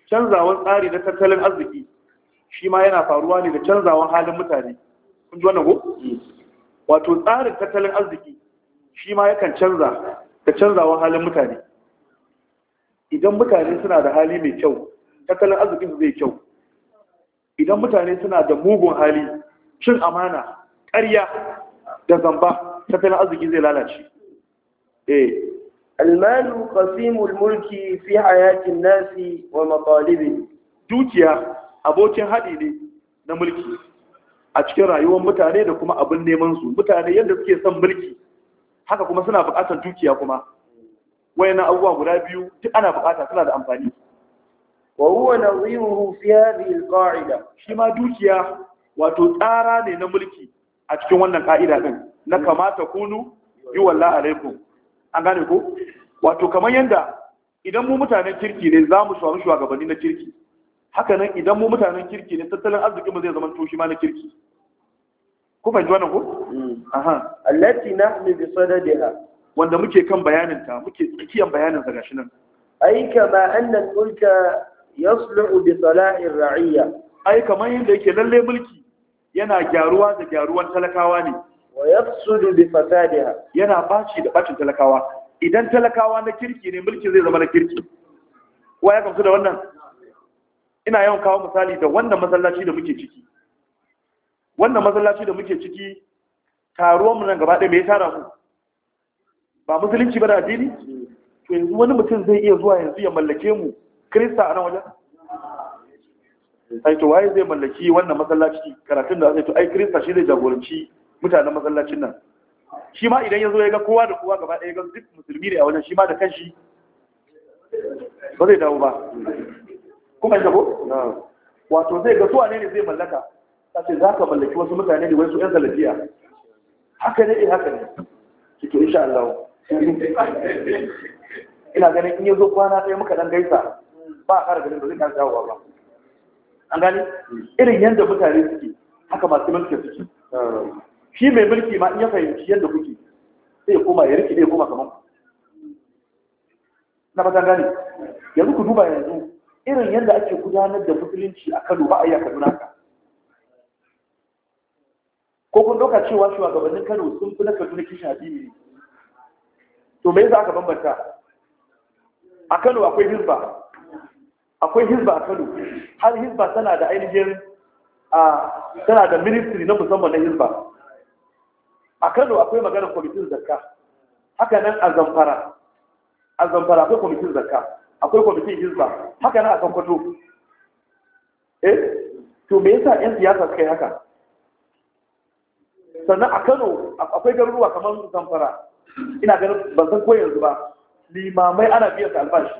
canzawan tsari na tattalin arziki shi ma yana faruwa ne da canzawan halin mutane kun ji wannan ko wato tsarin tattalin arziki shi ma yakan canza da canzawan halin mutane idan mutane suna da hali mai kyau tattalin arzikinsu zai kyau idan mutane suna da mugun hali cin amana ƙarya da zamba tattalin arziki zai lalace eh المال قسيم الملك في حياة الناس ومطالبه دوكيا abokin haɗi ne na mulki a cikin rayuwar mutane da kuma abin neman su mutane yadda suke son mulki haka kuma suna buƙatar dukiya kuma wayannan abubuwa guda biyu duk ana buƙata suna da amfani wa huwa nadhiruhu fi hadhihi alqa'ida shi ma dukiya wato tsara ne na mulki a cikin wannan ka'ida din na kamata kunu yi walla alaikum an gane ko wato kamar yadda idan mu mutanen kirki ne za mu shawar shugabanni na kirki haka nan idan mu mutanen kirki ne tattalin arziki mu zai zama toshi ma na kirki ku fahimci wannan ko mm. aha allati nahnu bi sadadiha wanda muke kan bayanin ta muke tsakiyan bayanin sa gashi nan ai kama annal mulka yasluhu bi salahi ar-ra'iyya ai kamar yadda yake lalle mulki yana gyaruwa da gyaruwan talakawa ne wa yafsudu bi fasadiha yana baci da bacin talakawa idan talakawa na kirki ne mulki zai zama na kirki wa ya kamsu da wannan ina yawan kawo misali da wannan masallaci da muke ciki wannan masallaci da muke ciki taruwan mu nan gaba ɗaya mai tara ku ba musulunci ba da addini to yanzu wani mutum zai iya zuwa yanzu ya mallake mu krista a nan wajen ai to waye zai mallaki wannan masallaci karatun da zai to ai krista shi zai jagoranci mutanen masallacin nan shi ma idan ya zo ya ga kowa da kowa gaba ɗaya ga duk musulmi ne a wajen shi ma da shi ba zai dawo ba kuma ya ko wato zai ga suwa ne ne zai mallaka ta ce za ka mallaki wasu mutane ne wai su yan salafiya haka ne eh haka ne cike insha Allah ina ganin in ya zo kwana ɗaya muka dan gaisa ba a ƙara ganin ba zai ƙara dawowa ba an gani hmm. irin yadda mutane suke haka masu mulki suke shi mai mulki ma iya fahimci yadda kuke sai ya koma ya riki ne ya koma kamar na fatan gane yanzu ku duba yanzu irin yadda ake gudanar da musulunci a Kano ba a yi a Kaduna ka ko kun dauka cewa shugabannin Kano sun fi na Kaduna kishin addini ne to me yasa aka bambanta a Kano akwai hizba akwai hizba a Kano har hizba tana da ainihin a ah, tana da ministry na musamman na hizba a kano akwai maganar kwamitin zakka haka nan a zamfara a zamfara akwai kwamitin zakka akwai kwamitin hizba haka nan a Kwato. eh to me yasa yan siyasa suka yi haka sannan a kano akwai garuruwa kamar zamfara ina ganin ban san ko yanzu ba limamai ana biyan su albashi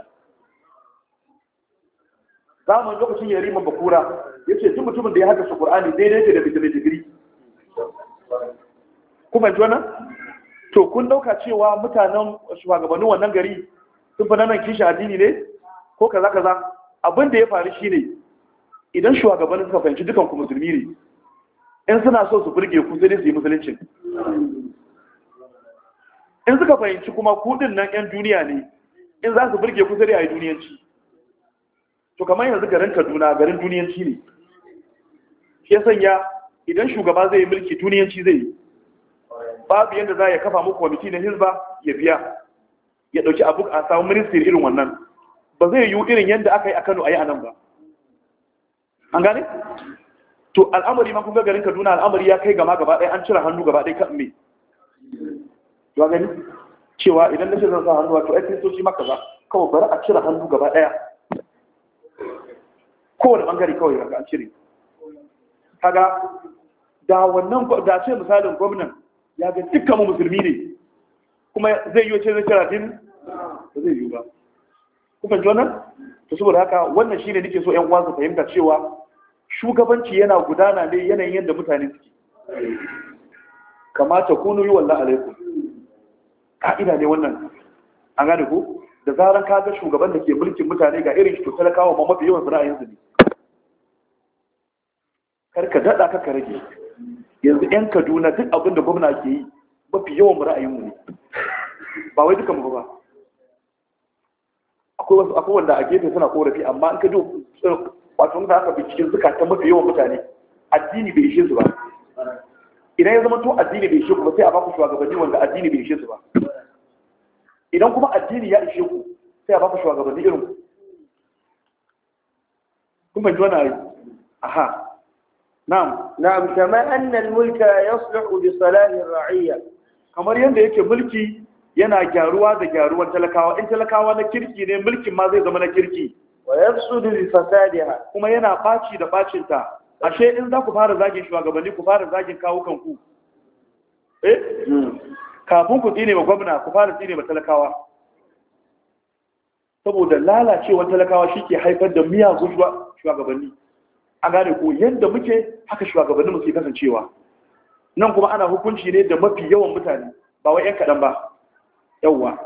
zaman lokacin ya riman bakura ya ce tun mutumin da ya haka su ƙur'ani daidai da bitamin digiri ku jona wannan to kun dauka cewa mutanen shugabannin wannan gari sun fi nan kishi addini ne ko kaza kaza abin da ya faru shine idan shugabannin suka fahimci dukan ku musulmi ne in suna so su burge ku sai su yi musulunci in suka fahimci kuma kudin nan yan duniya ne in za su burge ku sai a yi duniyanci to kamar yanzu garin Kaduna garin duniyanci ne shi ya sanya idan shugaba zai yi mulki duniyanci zai yi babu yadda za ya kafa muku kwamiti na hizba ya biya ya ɗauki abu a samun ministiri irin wannan ba zai yiwu irin yadda aka yi a kano a yi a nan ba an gane to al'amari ma kun ga garin kaduna al'amari ya kai gama gaba ɗaya an cire hannu gaba ɗaya kan me ya gani cewa idan na ce zan sa hannu wato ai kristoci maka ba kawai bari a cire hannu gaba ɗaya kowane ɓangare kawai ga an cire kaga da wannan da ce misalin gwamnan ya ga dukkan mu musulmi ne kuma zai yi wace zai kira ba zai yi ba kuma jona to saboda haka wannan shine nake so 'yan uwa su fahimta cewa shugabanci yana gudana ne yanayin yadda mutane suke kamata kunu yi wallahi alaikum ka'ida ne wannan an gane ku? da zaran ka ga shugaban da ke mulkin mutane ga irin shi to talakawa ma mafi yawan sana'a yanzu ne kar ka daɗa ka rage yanzu 'yan kaduna duk abin da gwamna ke yi mafi yawan ra'ayinmu ne ba wai duka mu ba akwai wasu akwai wanda a gefe suna korafi amma in ka wasu wato da aka bi cikin zukatan mafi yawan mutane addini bai ishe su ba idan ya zama to addini bai ishe ku ba sai a baku shugabanni wanda addini bai ishe su ba idan kuma addini ya ishe ku sai a baku shugabanni irin ku Kuma ban aha نعم نعم كما أن mulka يصلح bi الرعية كما kamar yadda yake mulki yana gyaruwa da gyaruwar talakawa in talakawa na kirki ne mulkin ma zai zama na kirki wa باتشي bi fasadiha kuma yana baci da bacin ashe in za ku fara zagin shugabanni ku fara zagin kawukan eh? hmm. ku tsine wa gwamna ku fara tsine wa talakawa saboda lalacewar talakawa shi ke haifar da miyagun shugabanni an yadda muke haka shugabannin mu ke kasancewa nan kuma ana hukunci ne da mafi yawan mutane ba wai 'yan kaɗan ba yawwa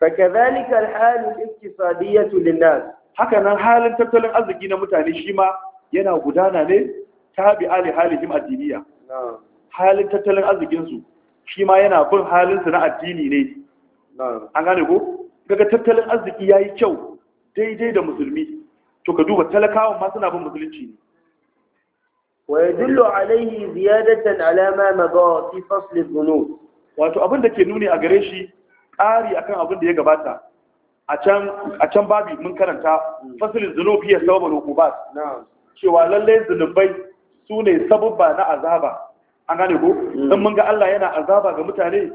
فكذلك الحال الاقتصادية للناس hakanan halin tattalin arziki na mutane shi ma yana gudana ne tabi ali halihim addiniya halin tattalin arzikinsu shi ma yana bin halinsu na addini ne an gane ko kaga tattalin arziki ya yi kyau daidai da musulmi to ka duba talakawan ma suna bin musulunci ne wa yadullu alayhi ziyadatan ala ma mabawa fi fasl dhunub wato abin da ke nuni a gare shi ƙari akan abin da ya gabata a can babi mun karanta fasilin zunubi ya sababin hukubat cewa lalle zulubai su ne sababba na azaba an gane ko mm. in mun ga Allah yana azaba ga mutane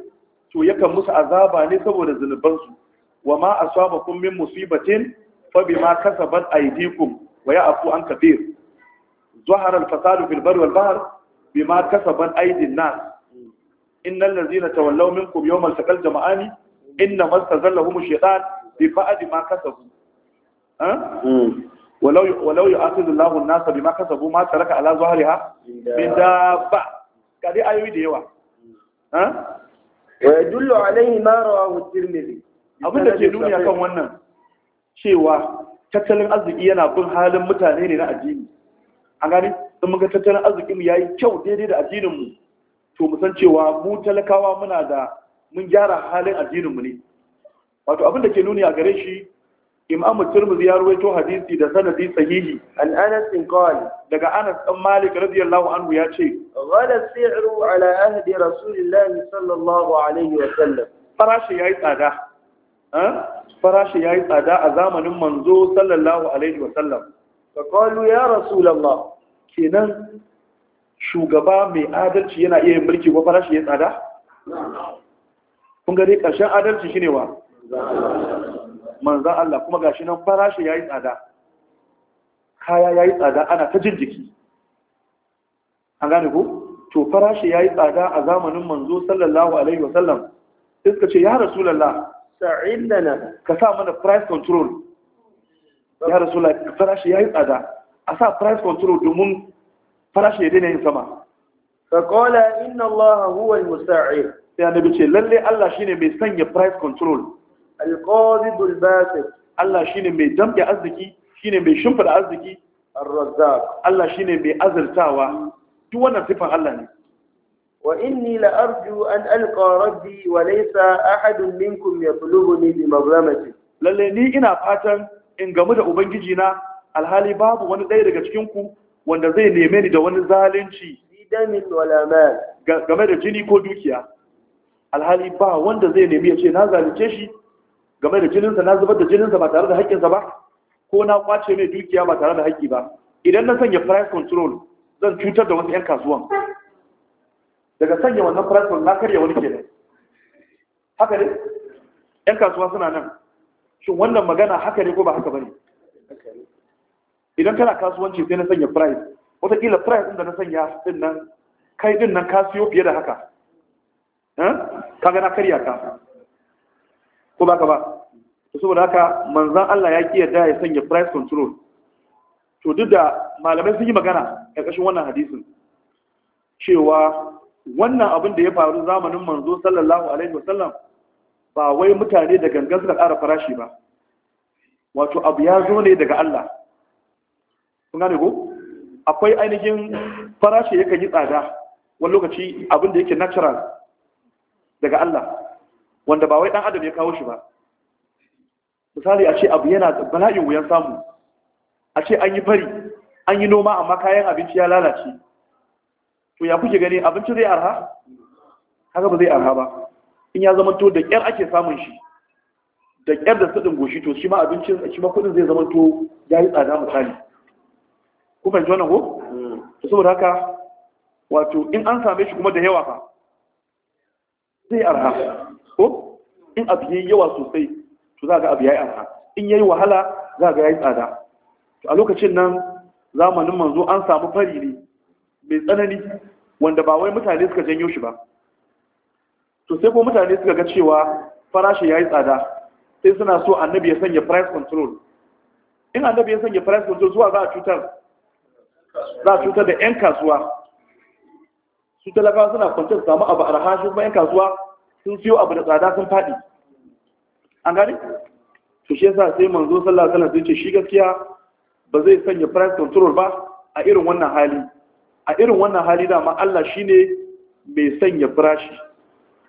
to yakan musu azaba ne saboda zulubansu wa ma asabakum min musibatin fabi ma kasabat aydikum wa ya'fu an kabir zahara al-fasad fil bar wal bahr bima kasabat aydin nas innal ladhina tawallaw minkum yawma al-taqal jama'ani inna mastazallahum ash-shaytan bi ma kasabu ha walau walau ya'khudhu Allahu an-nasa bima kasabu ma taraka ala zahriha min dabba kadi ayoyi da yawa ha wa yadullu alayhi ma rawahu at-tirmidhi abinda ke duniya kan wannan cewa tattalin arziki yana bin halin mutane ne na addini an gani in muka tattalin arzikin ya yi kyau daidai da addininmu to mu san cewa mu talakawa muna da mun gyara halin addininmu ne wato abin da ke nuni a gare shi imam turmuzi ya ruwaito hadisi da sanadi sahihi an anas bin qal daga anas dan malik radiyallahu anhu ya ce ghala si'ru ala ahdi rasulillahi sallallahu alaihi wa sallam farashi yayi tsada farashi ya yi tsada a zamanin manzo sallallahu alaihi wasallam ka kalu ya rasulallah kenan shugaba mai adalci yana iya yin mulki ko farashi ya tsada? kun gari ƙarshen adalci shine wa? manzan Allah kuma gashi nan farashi ya yi tsada kaya ya yi tsada ana ta jin jiki an gane ku? to farashi ya yi tsada a zamanin manzo sallallahu alaihi wasallam iska ce ya rasulallah sa'in ka sa mana price control ya farashi ya yi tsada a sa price control domin farashi ya daina yin sama faƙola inna Allah huwa al-musa'i sai annabi ce lalle Allah shine mai sanya price control al-qadidul basit Allah shine mai damke arziki shine mai shimfida arziki ar-razzaq Allah shine mai azurtawa duk wannan sifan Allah ne وإني لأرجو أن ألقى ربي وليس أحد منكم يطلبني بمظلمة lalle ni ina fatan in gamu da ubangiji na alhali babu wani ɗaya daga cikin ku wanda zai neme ni da wani zalunci damin wala mal game da jini ko dukiya alhali ba wanda zai nemi ya ce na zalunce shi game da jininsa na zubar da jininsa ba tare da haƙƙinsa ba ko na kwace mai dukiya ba tare da haƙƙi ba idan na sanya price control zan cutar da wasu 'yan kasuwan daga sanya wannan farashin na karya wani ke. haka ne yan kasuwa suna nan shin wannan magana haka ne ko ba haka bane idan kana kasuwanci sai na sanya price wataƙila price ɗin da na sanya ɗin nan kai ɗin nan ka siyo fiye da haka eh? ka gana karya ka ko ba ka ba to saboda haka manzan Allah ya ki yadda ya sanya price control to duk da malamai sun yi magana ƙarƙashin wannan hadisin cewa wannan abin da ya faru zamanin manzo sallallahu alaihi wasallam ba wai mutane da gangan suka ƙara farashi ba wato abu ya zo ne daga Allah kun gane ko akwai ainihin farashi yakan yi tsada wani lokaci abin da yake natural daga Allah wanda ba wai dan adam ya kawo shi ba misali a ce abu yana da bala'in wuyan samu a ce an yi fari an yi noma amma kayan abinci ya lalace to ya kuke gani abinci zai arha haka ba zai arha ba in ya zama to da ƙyar ake samun shi da ƙyar da sadin goshi to shi ma abincin shi ma kudin zai zama to ya yi tsada misali ku fahimci wannan ko to saboda haka wato in an same shi kuma da yawa fa zai arha ko in abu yayi yawa sosai to za ga abu yayi arha in yayi wahala za ga yayi tsada to a lokacin nan zamanin manzo an samu fari ne mai tsanani wanda ba wai mutane suka janyo shi ba to sai ko mutane suka ga cewa farashi ya yi tsada sai suna so annabi ya sanya price control in annabi ya sanya price control zuwa za a cutar za a cutar da 'yan kasuwa su talakawa suna kwanci samu abu a rahashin kuma 'yan kasuwa sun siyo abu da tsada sun faɗi an gani su shi yasa sai manzo sallah Sallah wasallam sai ce shi gaskiya ba zai sanya price control ba a irin wannan hali a irin wannan hali dama Allah shi ne mai sanya firashi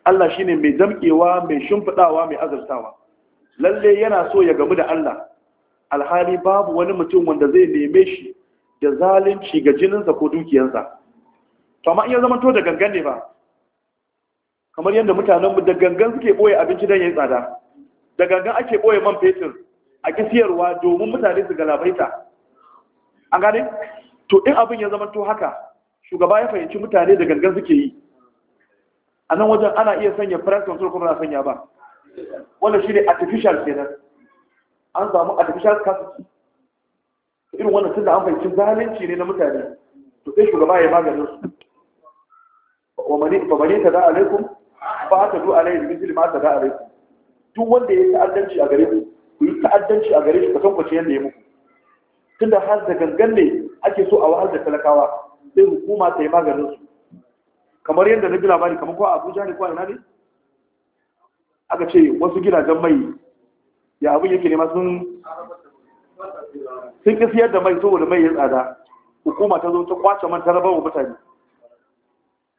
Allah shi ne mai zamkewa mai shimfiɗawa, mai azurtawa lalle yana so ya gamu da Allah alhali babu wani mutum wanda zai neme shi da zalunci ga jininsa ko dukiyarsa to amma in ya zama to da gangan ne ba kamar yadda mutanen mu da gangan suke boye abinci dan yayin tsada da gangan ake boye man fetur a kisiyarwa domin mutane su galabaita an gane to in abin ya zama to haka shugaba ya fahimci mutane da gangan suke yi a nan wajen ana iya sanya press control kuma na sanya ba wanda shi ne artificial kenan an samu artificial capacity irin wannan tun da an fahimci zalunci ne na mutane to sai shugaba ya maganin su wa mani ta da alaikum ba ta du alaihi bi misli ma ta da alaikum duk wanda ya ta'addanci a gare ku ku yi ta'addanci a gare shi ka tankwace yadda ya muku tunda har da gangan ne ake so a wahal da talakawa sai hukuma ta yi maganin su kamar yadda na ji labari kamar kowa a abuja ne ko ina ne aka ce wasu gidajen mai ya abin yake nema sun sun ƙi siyar da mai saboda mai ya tsada hukuma ta zo ta kwace man ta raba wa mutane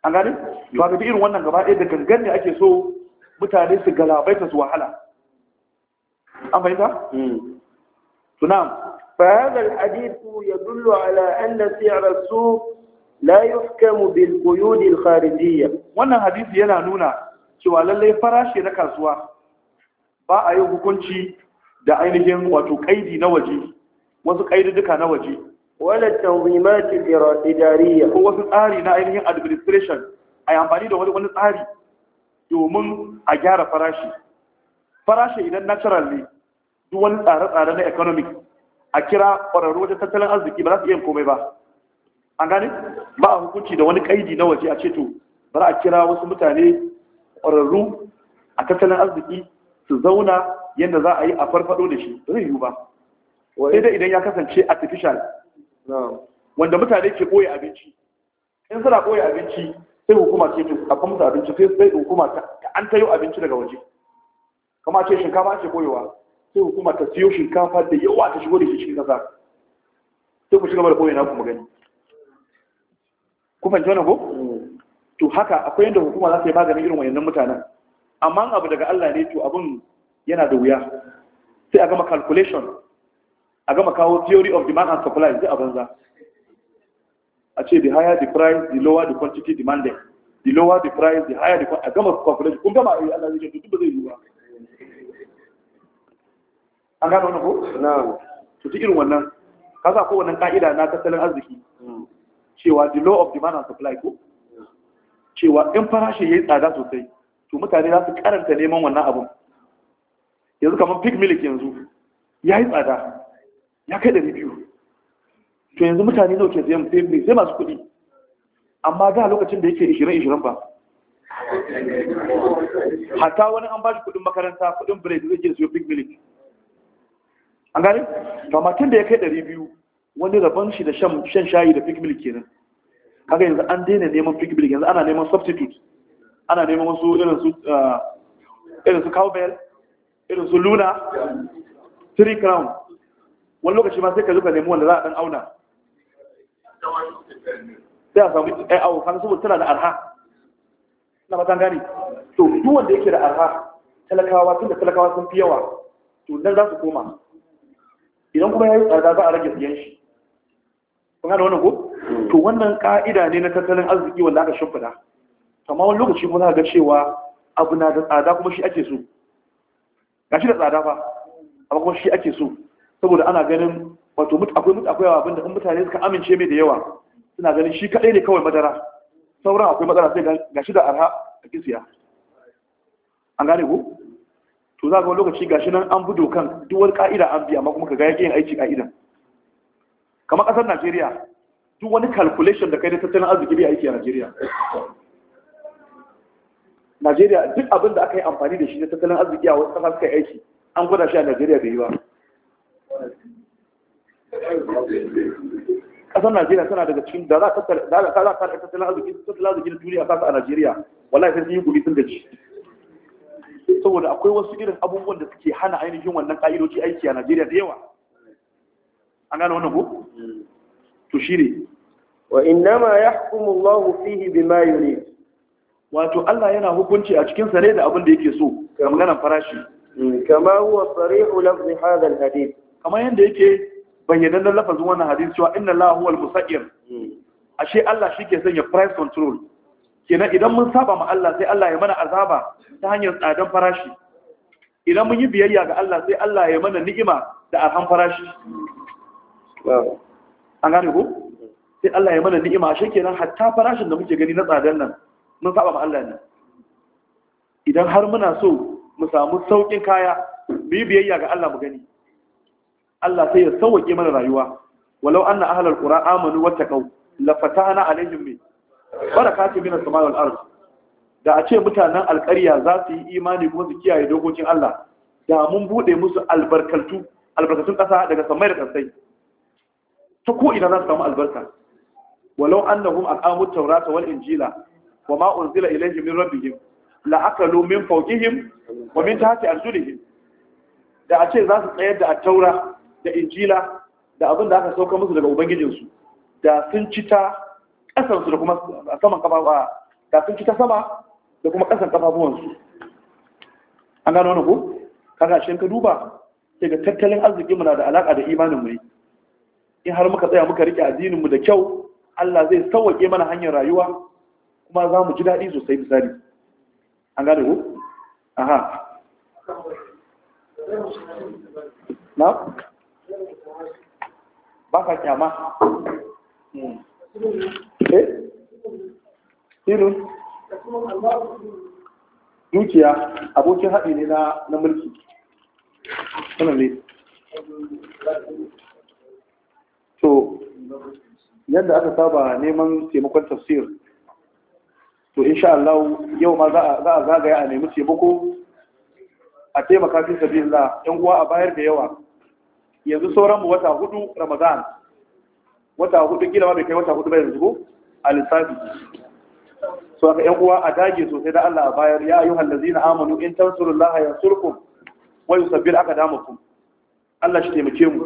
an gane to ga irin wannan gaba ɗaya da gangan ne ake so mutane su galabaita su wahala an fahimta? Mm. to na'am فهذا الحديث يدل على أن سعر السوق لا يحكم بالقيود wannan hadisi yana nuna cewa lallai farashi na kasuwa ba a yi hukunci da ainihin wato kaidi na waje wasu kaiduduka na waje wala tanzimat al-idariyya ko wasu tsari na ainihin administration ai amfani da wani tsari domin a gyara farashi farashi idan natural ne duk wani tsare-tsare na economic a kira ƙwararru wajen tattalin arziki ba za su iya komai ba an gane ba a hukunci da wani kaidi na waje a ceto, ba za a kira wasu mutane ƙwararru a tattalin arziki su zauna yadda za a yi a farfado da shi zai yiwu ba sai dai idan ya kasance artificial wanda mutane ke ɓoye abinci in suna ɓoye abinci sai hukuma ce to kafa musu abinci sai hukuma ta an tayo abinci daga waje kama ce shinkafa ce ɓoyewa sai hukuma ta siyo shinkafa da yawa ta shigo da shi cikin kasa, sai ku shiga da koyi na kuma gani kuma jona ko to haka akwai yadda hukuma za ta yi maganin irin wayannan mutanen amma abu daga Allah ne to abun yana da wuya sai a gama calculation a gama kawo theory of demand and supply sai a banza a ce the higher the price the lower the quantity demanded the lower the price the higher the quantity a gama calculation kun gama a eh, yi Allah zai duk ba zai yi ba an gano wani ko na'am to irin wannan ka sa ko wannan ka'ida na tattalin arziki hmm. cewa the law of demand and supply ko cewa in farashi yi tsada sosai to mutane za su karanta neman wannan abun yanzu kamar pig milk yanzu ya yi tsada ya kai ɗari biyu to yanzu mutane nawa ke sayan mai zai sai masu kuɗi amma da lokacin da yake ishirin ishirin ba hatta wani an ba shi kuɗin makaranta kuɗin break zai ke siyo pig milk an gane to amma tun da ya kai ɗari biyu wani rabon shi da shan shayi da fig milk kenan kaga yanzu an daina neman fig milk yanzu ana neman substitute ana neman wasu irin su eh, cowbell irin su luna three crown wani lokaci ma sai ka zuka nemi wanda za a dan auna sai a samu ai awo kan saboda tana da arha na matan gani to duk wanda yake da arha talakawa tun da talakawa sun fi yawa to nan za su koma idan kuma ya yi tsada za a rage siyan shi kun da wannan ko hmm. to wannan ka'ida ne na tattalin arziki wanda aka shimfida amma wani lokaci kuma za ga cewa abu na da tsada kuma shi ake so Ga shi da tsada fa amma kuma shi ake so saboda ana ganin wato akwai mutu akwai abin da in mutane suka amince mai da yawa suna ganin shi kaɗai ne kawai madara sauran akwai madara sai gashi da arha a kisiya an gane ko to za ga wani lokaci gashi nan an bi dokan duk wani ka'ida an biya amma kuma ka ga yake yin aiki ka'idan kamar kasar Najeriya duk wani calculation da kai da tattalin arziki bai aiki a Najeriya Najeriya duk abin da aka yi amfani da shi na tattalin arziki a wasu kasa suka aiki an gwada shi a Najeriya bai yi ba kasar Najeriya tana daga cikin da za ka tattalin arziki tattalin arziki na duniya kasa a Najeriya wallahi sai sun yi gudu sun gaji saboda akwai wasu irin abubuwan da suke hana ainihin wannan ƙa'idoji aiki a Najeriya da yawa an gane wannan ko to shine wa innama yahkumu Allahu fihi bima yurid wato Allah yana hukunci a cikin sa ne da abin da yake so ga maganar farashi mm, kama huwa sarihu lafzi hadha alhadith kama yanda yake bayyanannen lafazin wannan hadisi cewa inna Allahu huwal musaqqir mm. ashe Allah shi ke sanya price control kenan idan mun saba ma Allah sai Allah ya mana azaba ta hanyar tsadan farashi idan mun yi biyayya ga Allah sai Allah ya mana ni'ima da arhan farashi an gane ku sai Allah ya mana ni'ima shi kenan hatta farashin da muke gani na tsadan nan mun saba ma Allah ne idan har muna so mu samu sauƙin kaya mu yi biyayya ga Allah mu gani Allah sai ya sauƙe mana rayuwa walau anna ahlal qura amanu wattaqu lafatahna alaihim min barakatun min as-samai wal ard da a ce mutanen alƙarya za su yi imani kuma su kiyaye dokokin Allah da mun bude musu albarkatu albarkatun ƙasa daga samai da kansai, ta ko ina za su samu albarka walau annahum aqamu at-taurata wal injila wama unzila ilayhim min rabbihim la akalu min fawqihim wa min tahti arjulihim da a ce za su tsayar da at-taura da injila da abin da aka sauka musu daga ubangijinsu da sun ci ta ƙasansu da kuma saman ƙafafuwa da sun ci ta sama da kuma ƙasan ƙafafuwansu. an gano wani ku, kaga shi ka duba sai ga tattalin arzikinmu na da alaƙa da imaninmu ne in har muka tsaya muka riƙe addininmu da kyau Allah zai sauwaƙe mana hanyar rayuwa kuma za mu ji daɗi sosai misali an gane ku? aha na? ba ka kyama hmm. eh dukiya abokin haɗi ne na mulki sanar ne to yadda aka saba neman taimakon tafsir to insha Allah yau ma za a zagaya a nemi taimako a taimaka fi sabilillah yan uwa a bayar da yawa yanzu sauran mu wata hudu Ramadan wata hudu kila ma bai kai wata hudu bai zuku a lissafi so aka yan uwa a dage sosai da Allah a bayar ya ayyuha zina amanu in wai yansurkum aka damu ku Allah shi taimake mu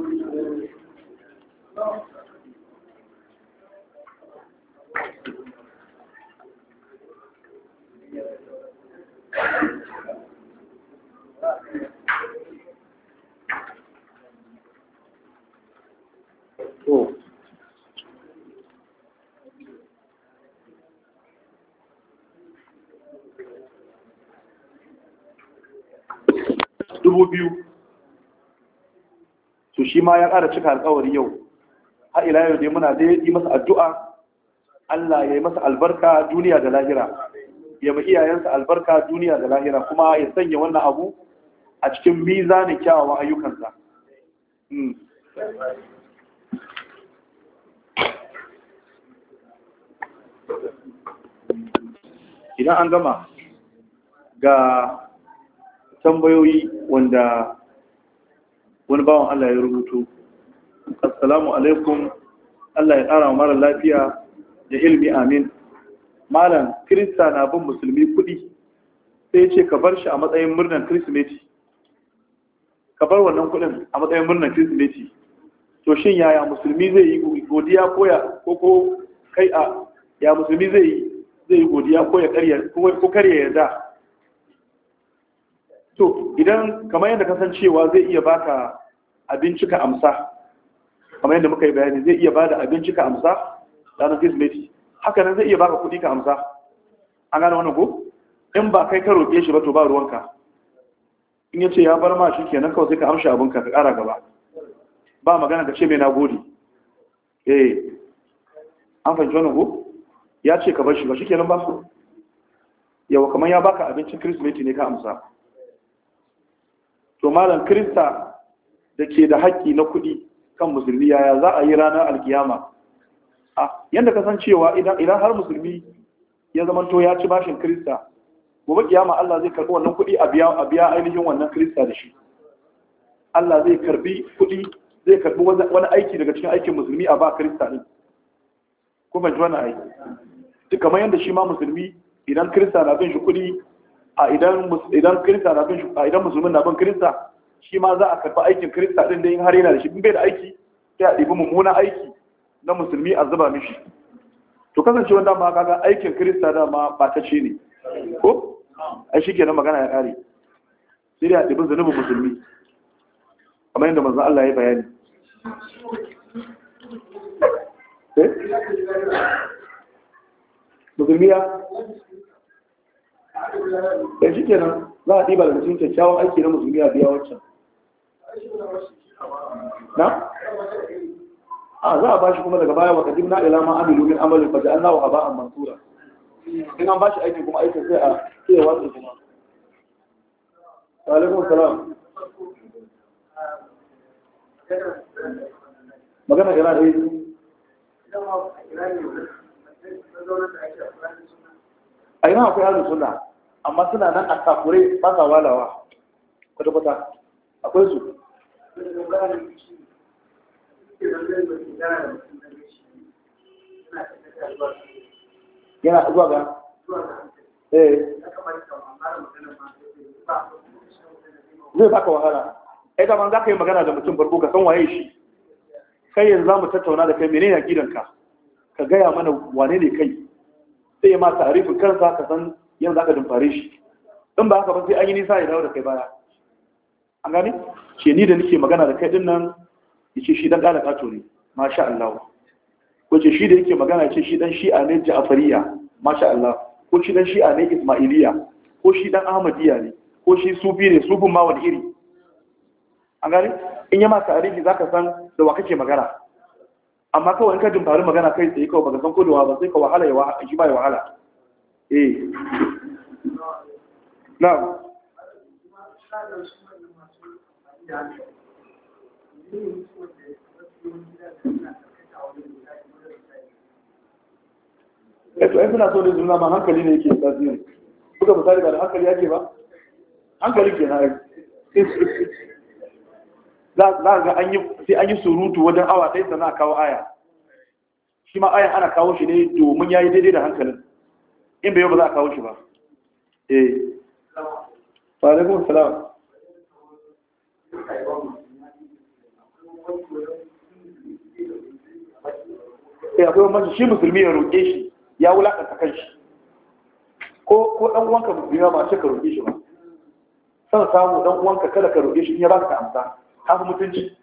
dubu biyu to shi ma ya ƙara cika alƙawari yau har ila yau dai muna dai yi masa addu'a Allah ya yi masa albarka duniya da lahira ya mu iyayensa albarka duniya da lahira kuma ya sanya wannan abu a cikin mizanin kyawawan ayyukansa hmm. idan an gama ga tambayoyi wanda wani bawan Allah ya rubuto assalamu alaikum Allah ya ƙara mara lafiya da ilmi amin malam kirista na bin musulmi kuɗi sai ce ka bar shi a matsayin murnar kirsimeti ka bar wannan kuɗin a matsayin murnar kirsimeti to shin yaya musulmi zai yi godiya ko ya ko ko kai a ya musulmi zai yi godiya ko ya ko karya yadda? to idan kamar yadda kasancewa zai iya baka abinci ka amsa kamar yadda muka yi bayani zai iya bada abinci ka amsa ranar kismeti haka nan zai iya baka kuɗi ka amsa an gane wani go, in ba kai ka roƙe shi ba to ba ruwanka in ya ce ya bar ma shi kenan kawai sai ka amshi abinka ka ƙara gaba ba magana ka ce mai gode eh an fahimci wani go, ya ce ka bar shi ba shi kenan ba yawa kamar ya baka abincin kirismeti ne ka amsa to malam krista da ke da haƙƙi na kuɗi kan musulmi yaya za a yi ranar alkiyama a yadda kasancewa idan har musulmi ya zama to ya ci bashin krista gobe kiyama Allah zai karɓi wannan kuɗi a biya ainihin wannan krista da shi Allah zai karɓi kuɗi zai karɓi wani aiki daga cikin aikin musulmi a ba krista ne ko ban ji wannan aiki kamar yadda shi ma musulmi idan krista na bin shi kuɗi a idan musulmin na bin kirista shi ma za a karɓi aikin kirista ɗin da yin har yana da shi bai da aiki sai a ɗibi mummuna aiki na musulmi a zuba mishi to kasancewar dama kaga aikin kirista dama ba ta ce ne ko ai shi kenan magana ya ƙare sai dai a ɗibi zunubin musulmi kamar yadda manzon Allah ya bayani eh? musulmiya da eh, kenan za a ɗiba da cikin kyakkyawan aiki na musulmi a biya wancan na? a za a ba shi kuma daga baya wata dimna ila ma amilu min amalin faja an nawa ba a mantura in an ba shi aiki kuma aiki sai a sai watsa kuma alaikum salam magana ina da yi a ina akwai halin suna amma suna nan a kakure ba sa walawa kwata-kwata akwai su yana zuwa ga eh zai baka wahala ai za ka yi magana da mutum barko ka san waye shi kai yanzu za mu tattauna da kai menene gidanka? ka gaya mana wane ne kai sai ma tarifin kansa ka san yau za ka dumfare shi in ba haka ba sai an yi nisa ya dawo da kai baya an gane ke ni da nake magana da kai dinnan ya ce shi dan ƙara ƙato ne masha Allah ko ce shi da yake magana ya ce shi dan shi'a ne ja'afariya masha Allah ko shi dan shi'a ne ismailiya ko shi dan ahmadiyya ne ko shi sufi ne sufin ma wani iri an gane in yi yama tarihi ka san da wa kake magana amma kawai in ka dumfari magana kai tsaye kawai ka san ko da wa ba sai ka wahala ya wahala shi ba ya wahala eh na eto eh, ai suna so da juna ma hankali ne yake tasiri buga misali ba da hankali yake ba hankali ke na za ga an yi an yi surutu wajen awa ɗaya sannan kawo aya shi ma aya ana kawo shi ne domin ya yi daidai da hankalin in bai yau ba za a kawo shi ba eh alaikum salam eh akwai wani shi musulmi ya roƙe shi ya wulakanta kanshi ko ko dan uwanka musulmi ba ce ka roƙe shi ba san samu ɗan uwanka kada ka roƙe shi in ya ka amsa ka mutunci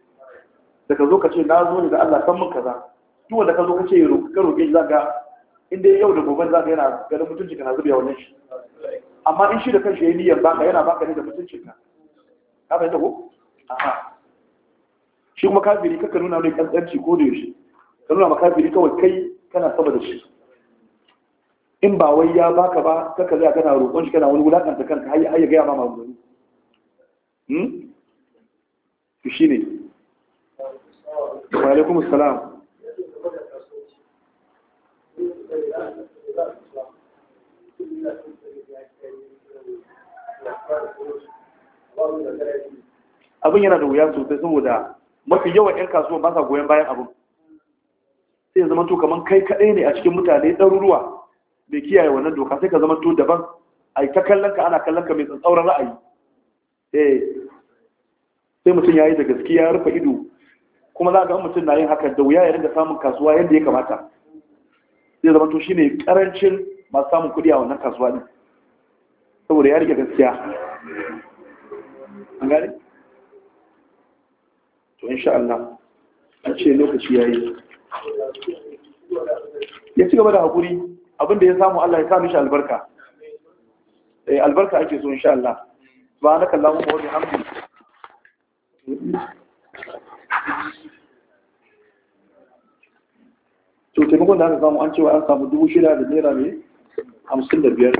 da ka zo ka ce na zo ne da Allah san mun kaza duk wanda ka zo ka ce ka roƙe shi za ga inda yau da gobe za ka yana ganin mutuncinka na zubewa wajen shi amma in shi da shi ya yi niyyar baka yana baka ne da mutuncinka ka fahimta ko a'a shi kuma kafiri kaka nuna mai kankanci ko da yaushe ka nuna ma kafiri kawai kai kana saba da shi in ba wai ya baka ba kaka zai kana roƙon shi kana wani wulaƙanta kanka har ya gaya ma maganganu hmm shi ne. wa alaikum salam. abin yana da wuya sosai saboda mafi yawan 'yan kasuwa ba sa goyon bayan abin sai ya zama to kamar kai kaɗai ne a cikin mutane ɗaruruwa mai kiyaye wannan doka sai ka zama to daban a yi ta kallon ka ana kallon ka mai tsantsauran ra'ayi eh sai mutum ya yi da gaskiya ya rufe ido kuma za ga mutum na yin hakan da wuya ya rinka samun kasuwa yadda ya kamata zai zama to shine karancin masu samun kudi a wannan kasuwa ne saboda ya rike gaskiya an gane to insha Allah an ce lokaci yayi ya ci gaba da haƙuri abinda ya samu Allah ya sa mishi albarka eh albarka ake so insha Allah subhanakallahumma wa bihamdika to taimakon da aka samu an cewa an samu dubu shida da naira ne hamsin da biyar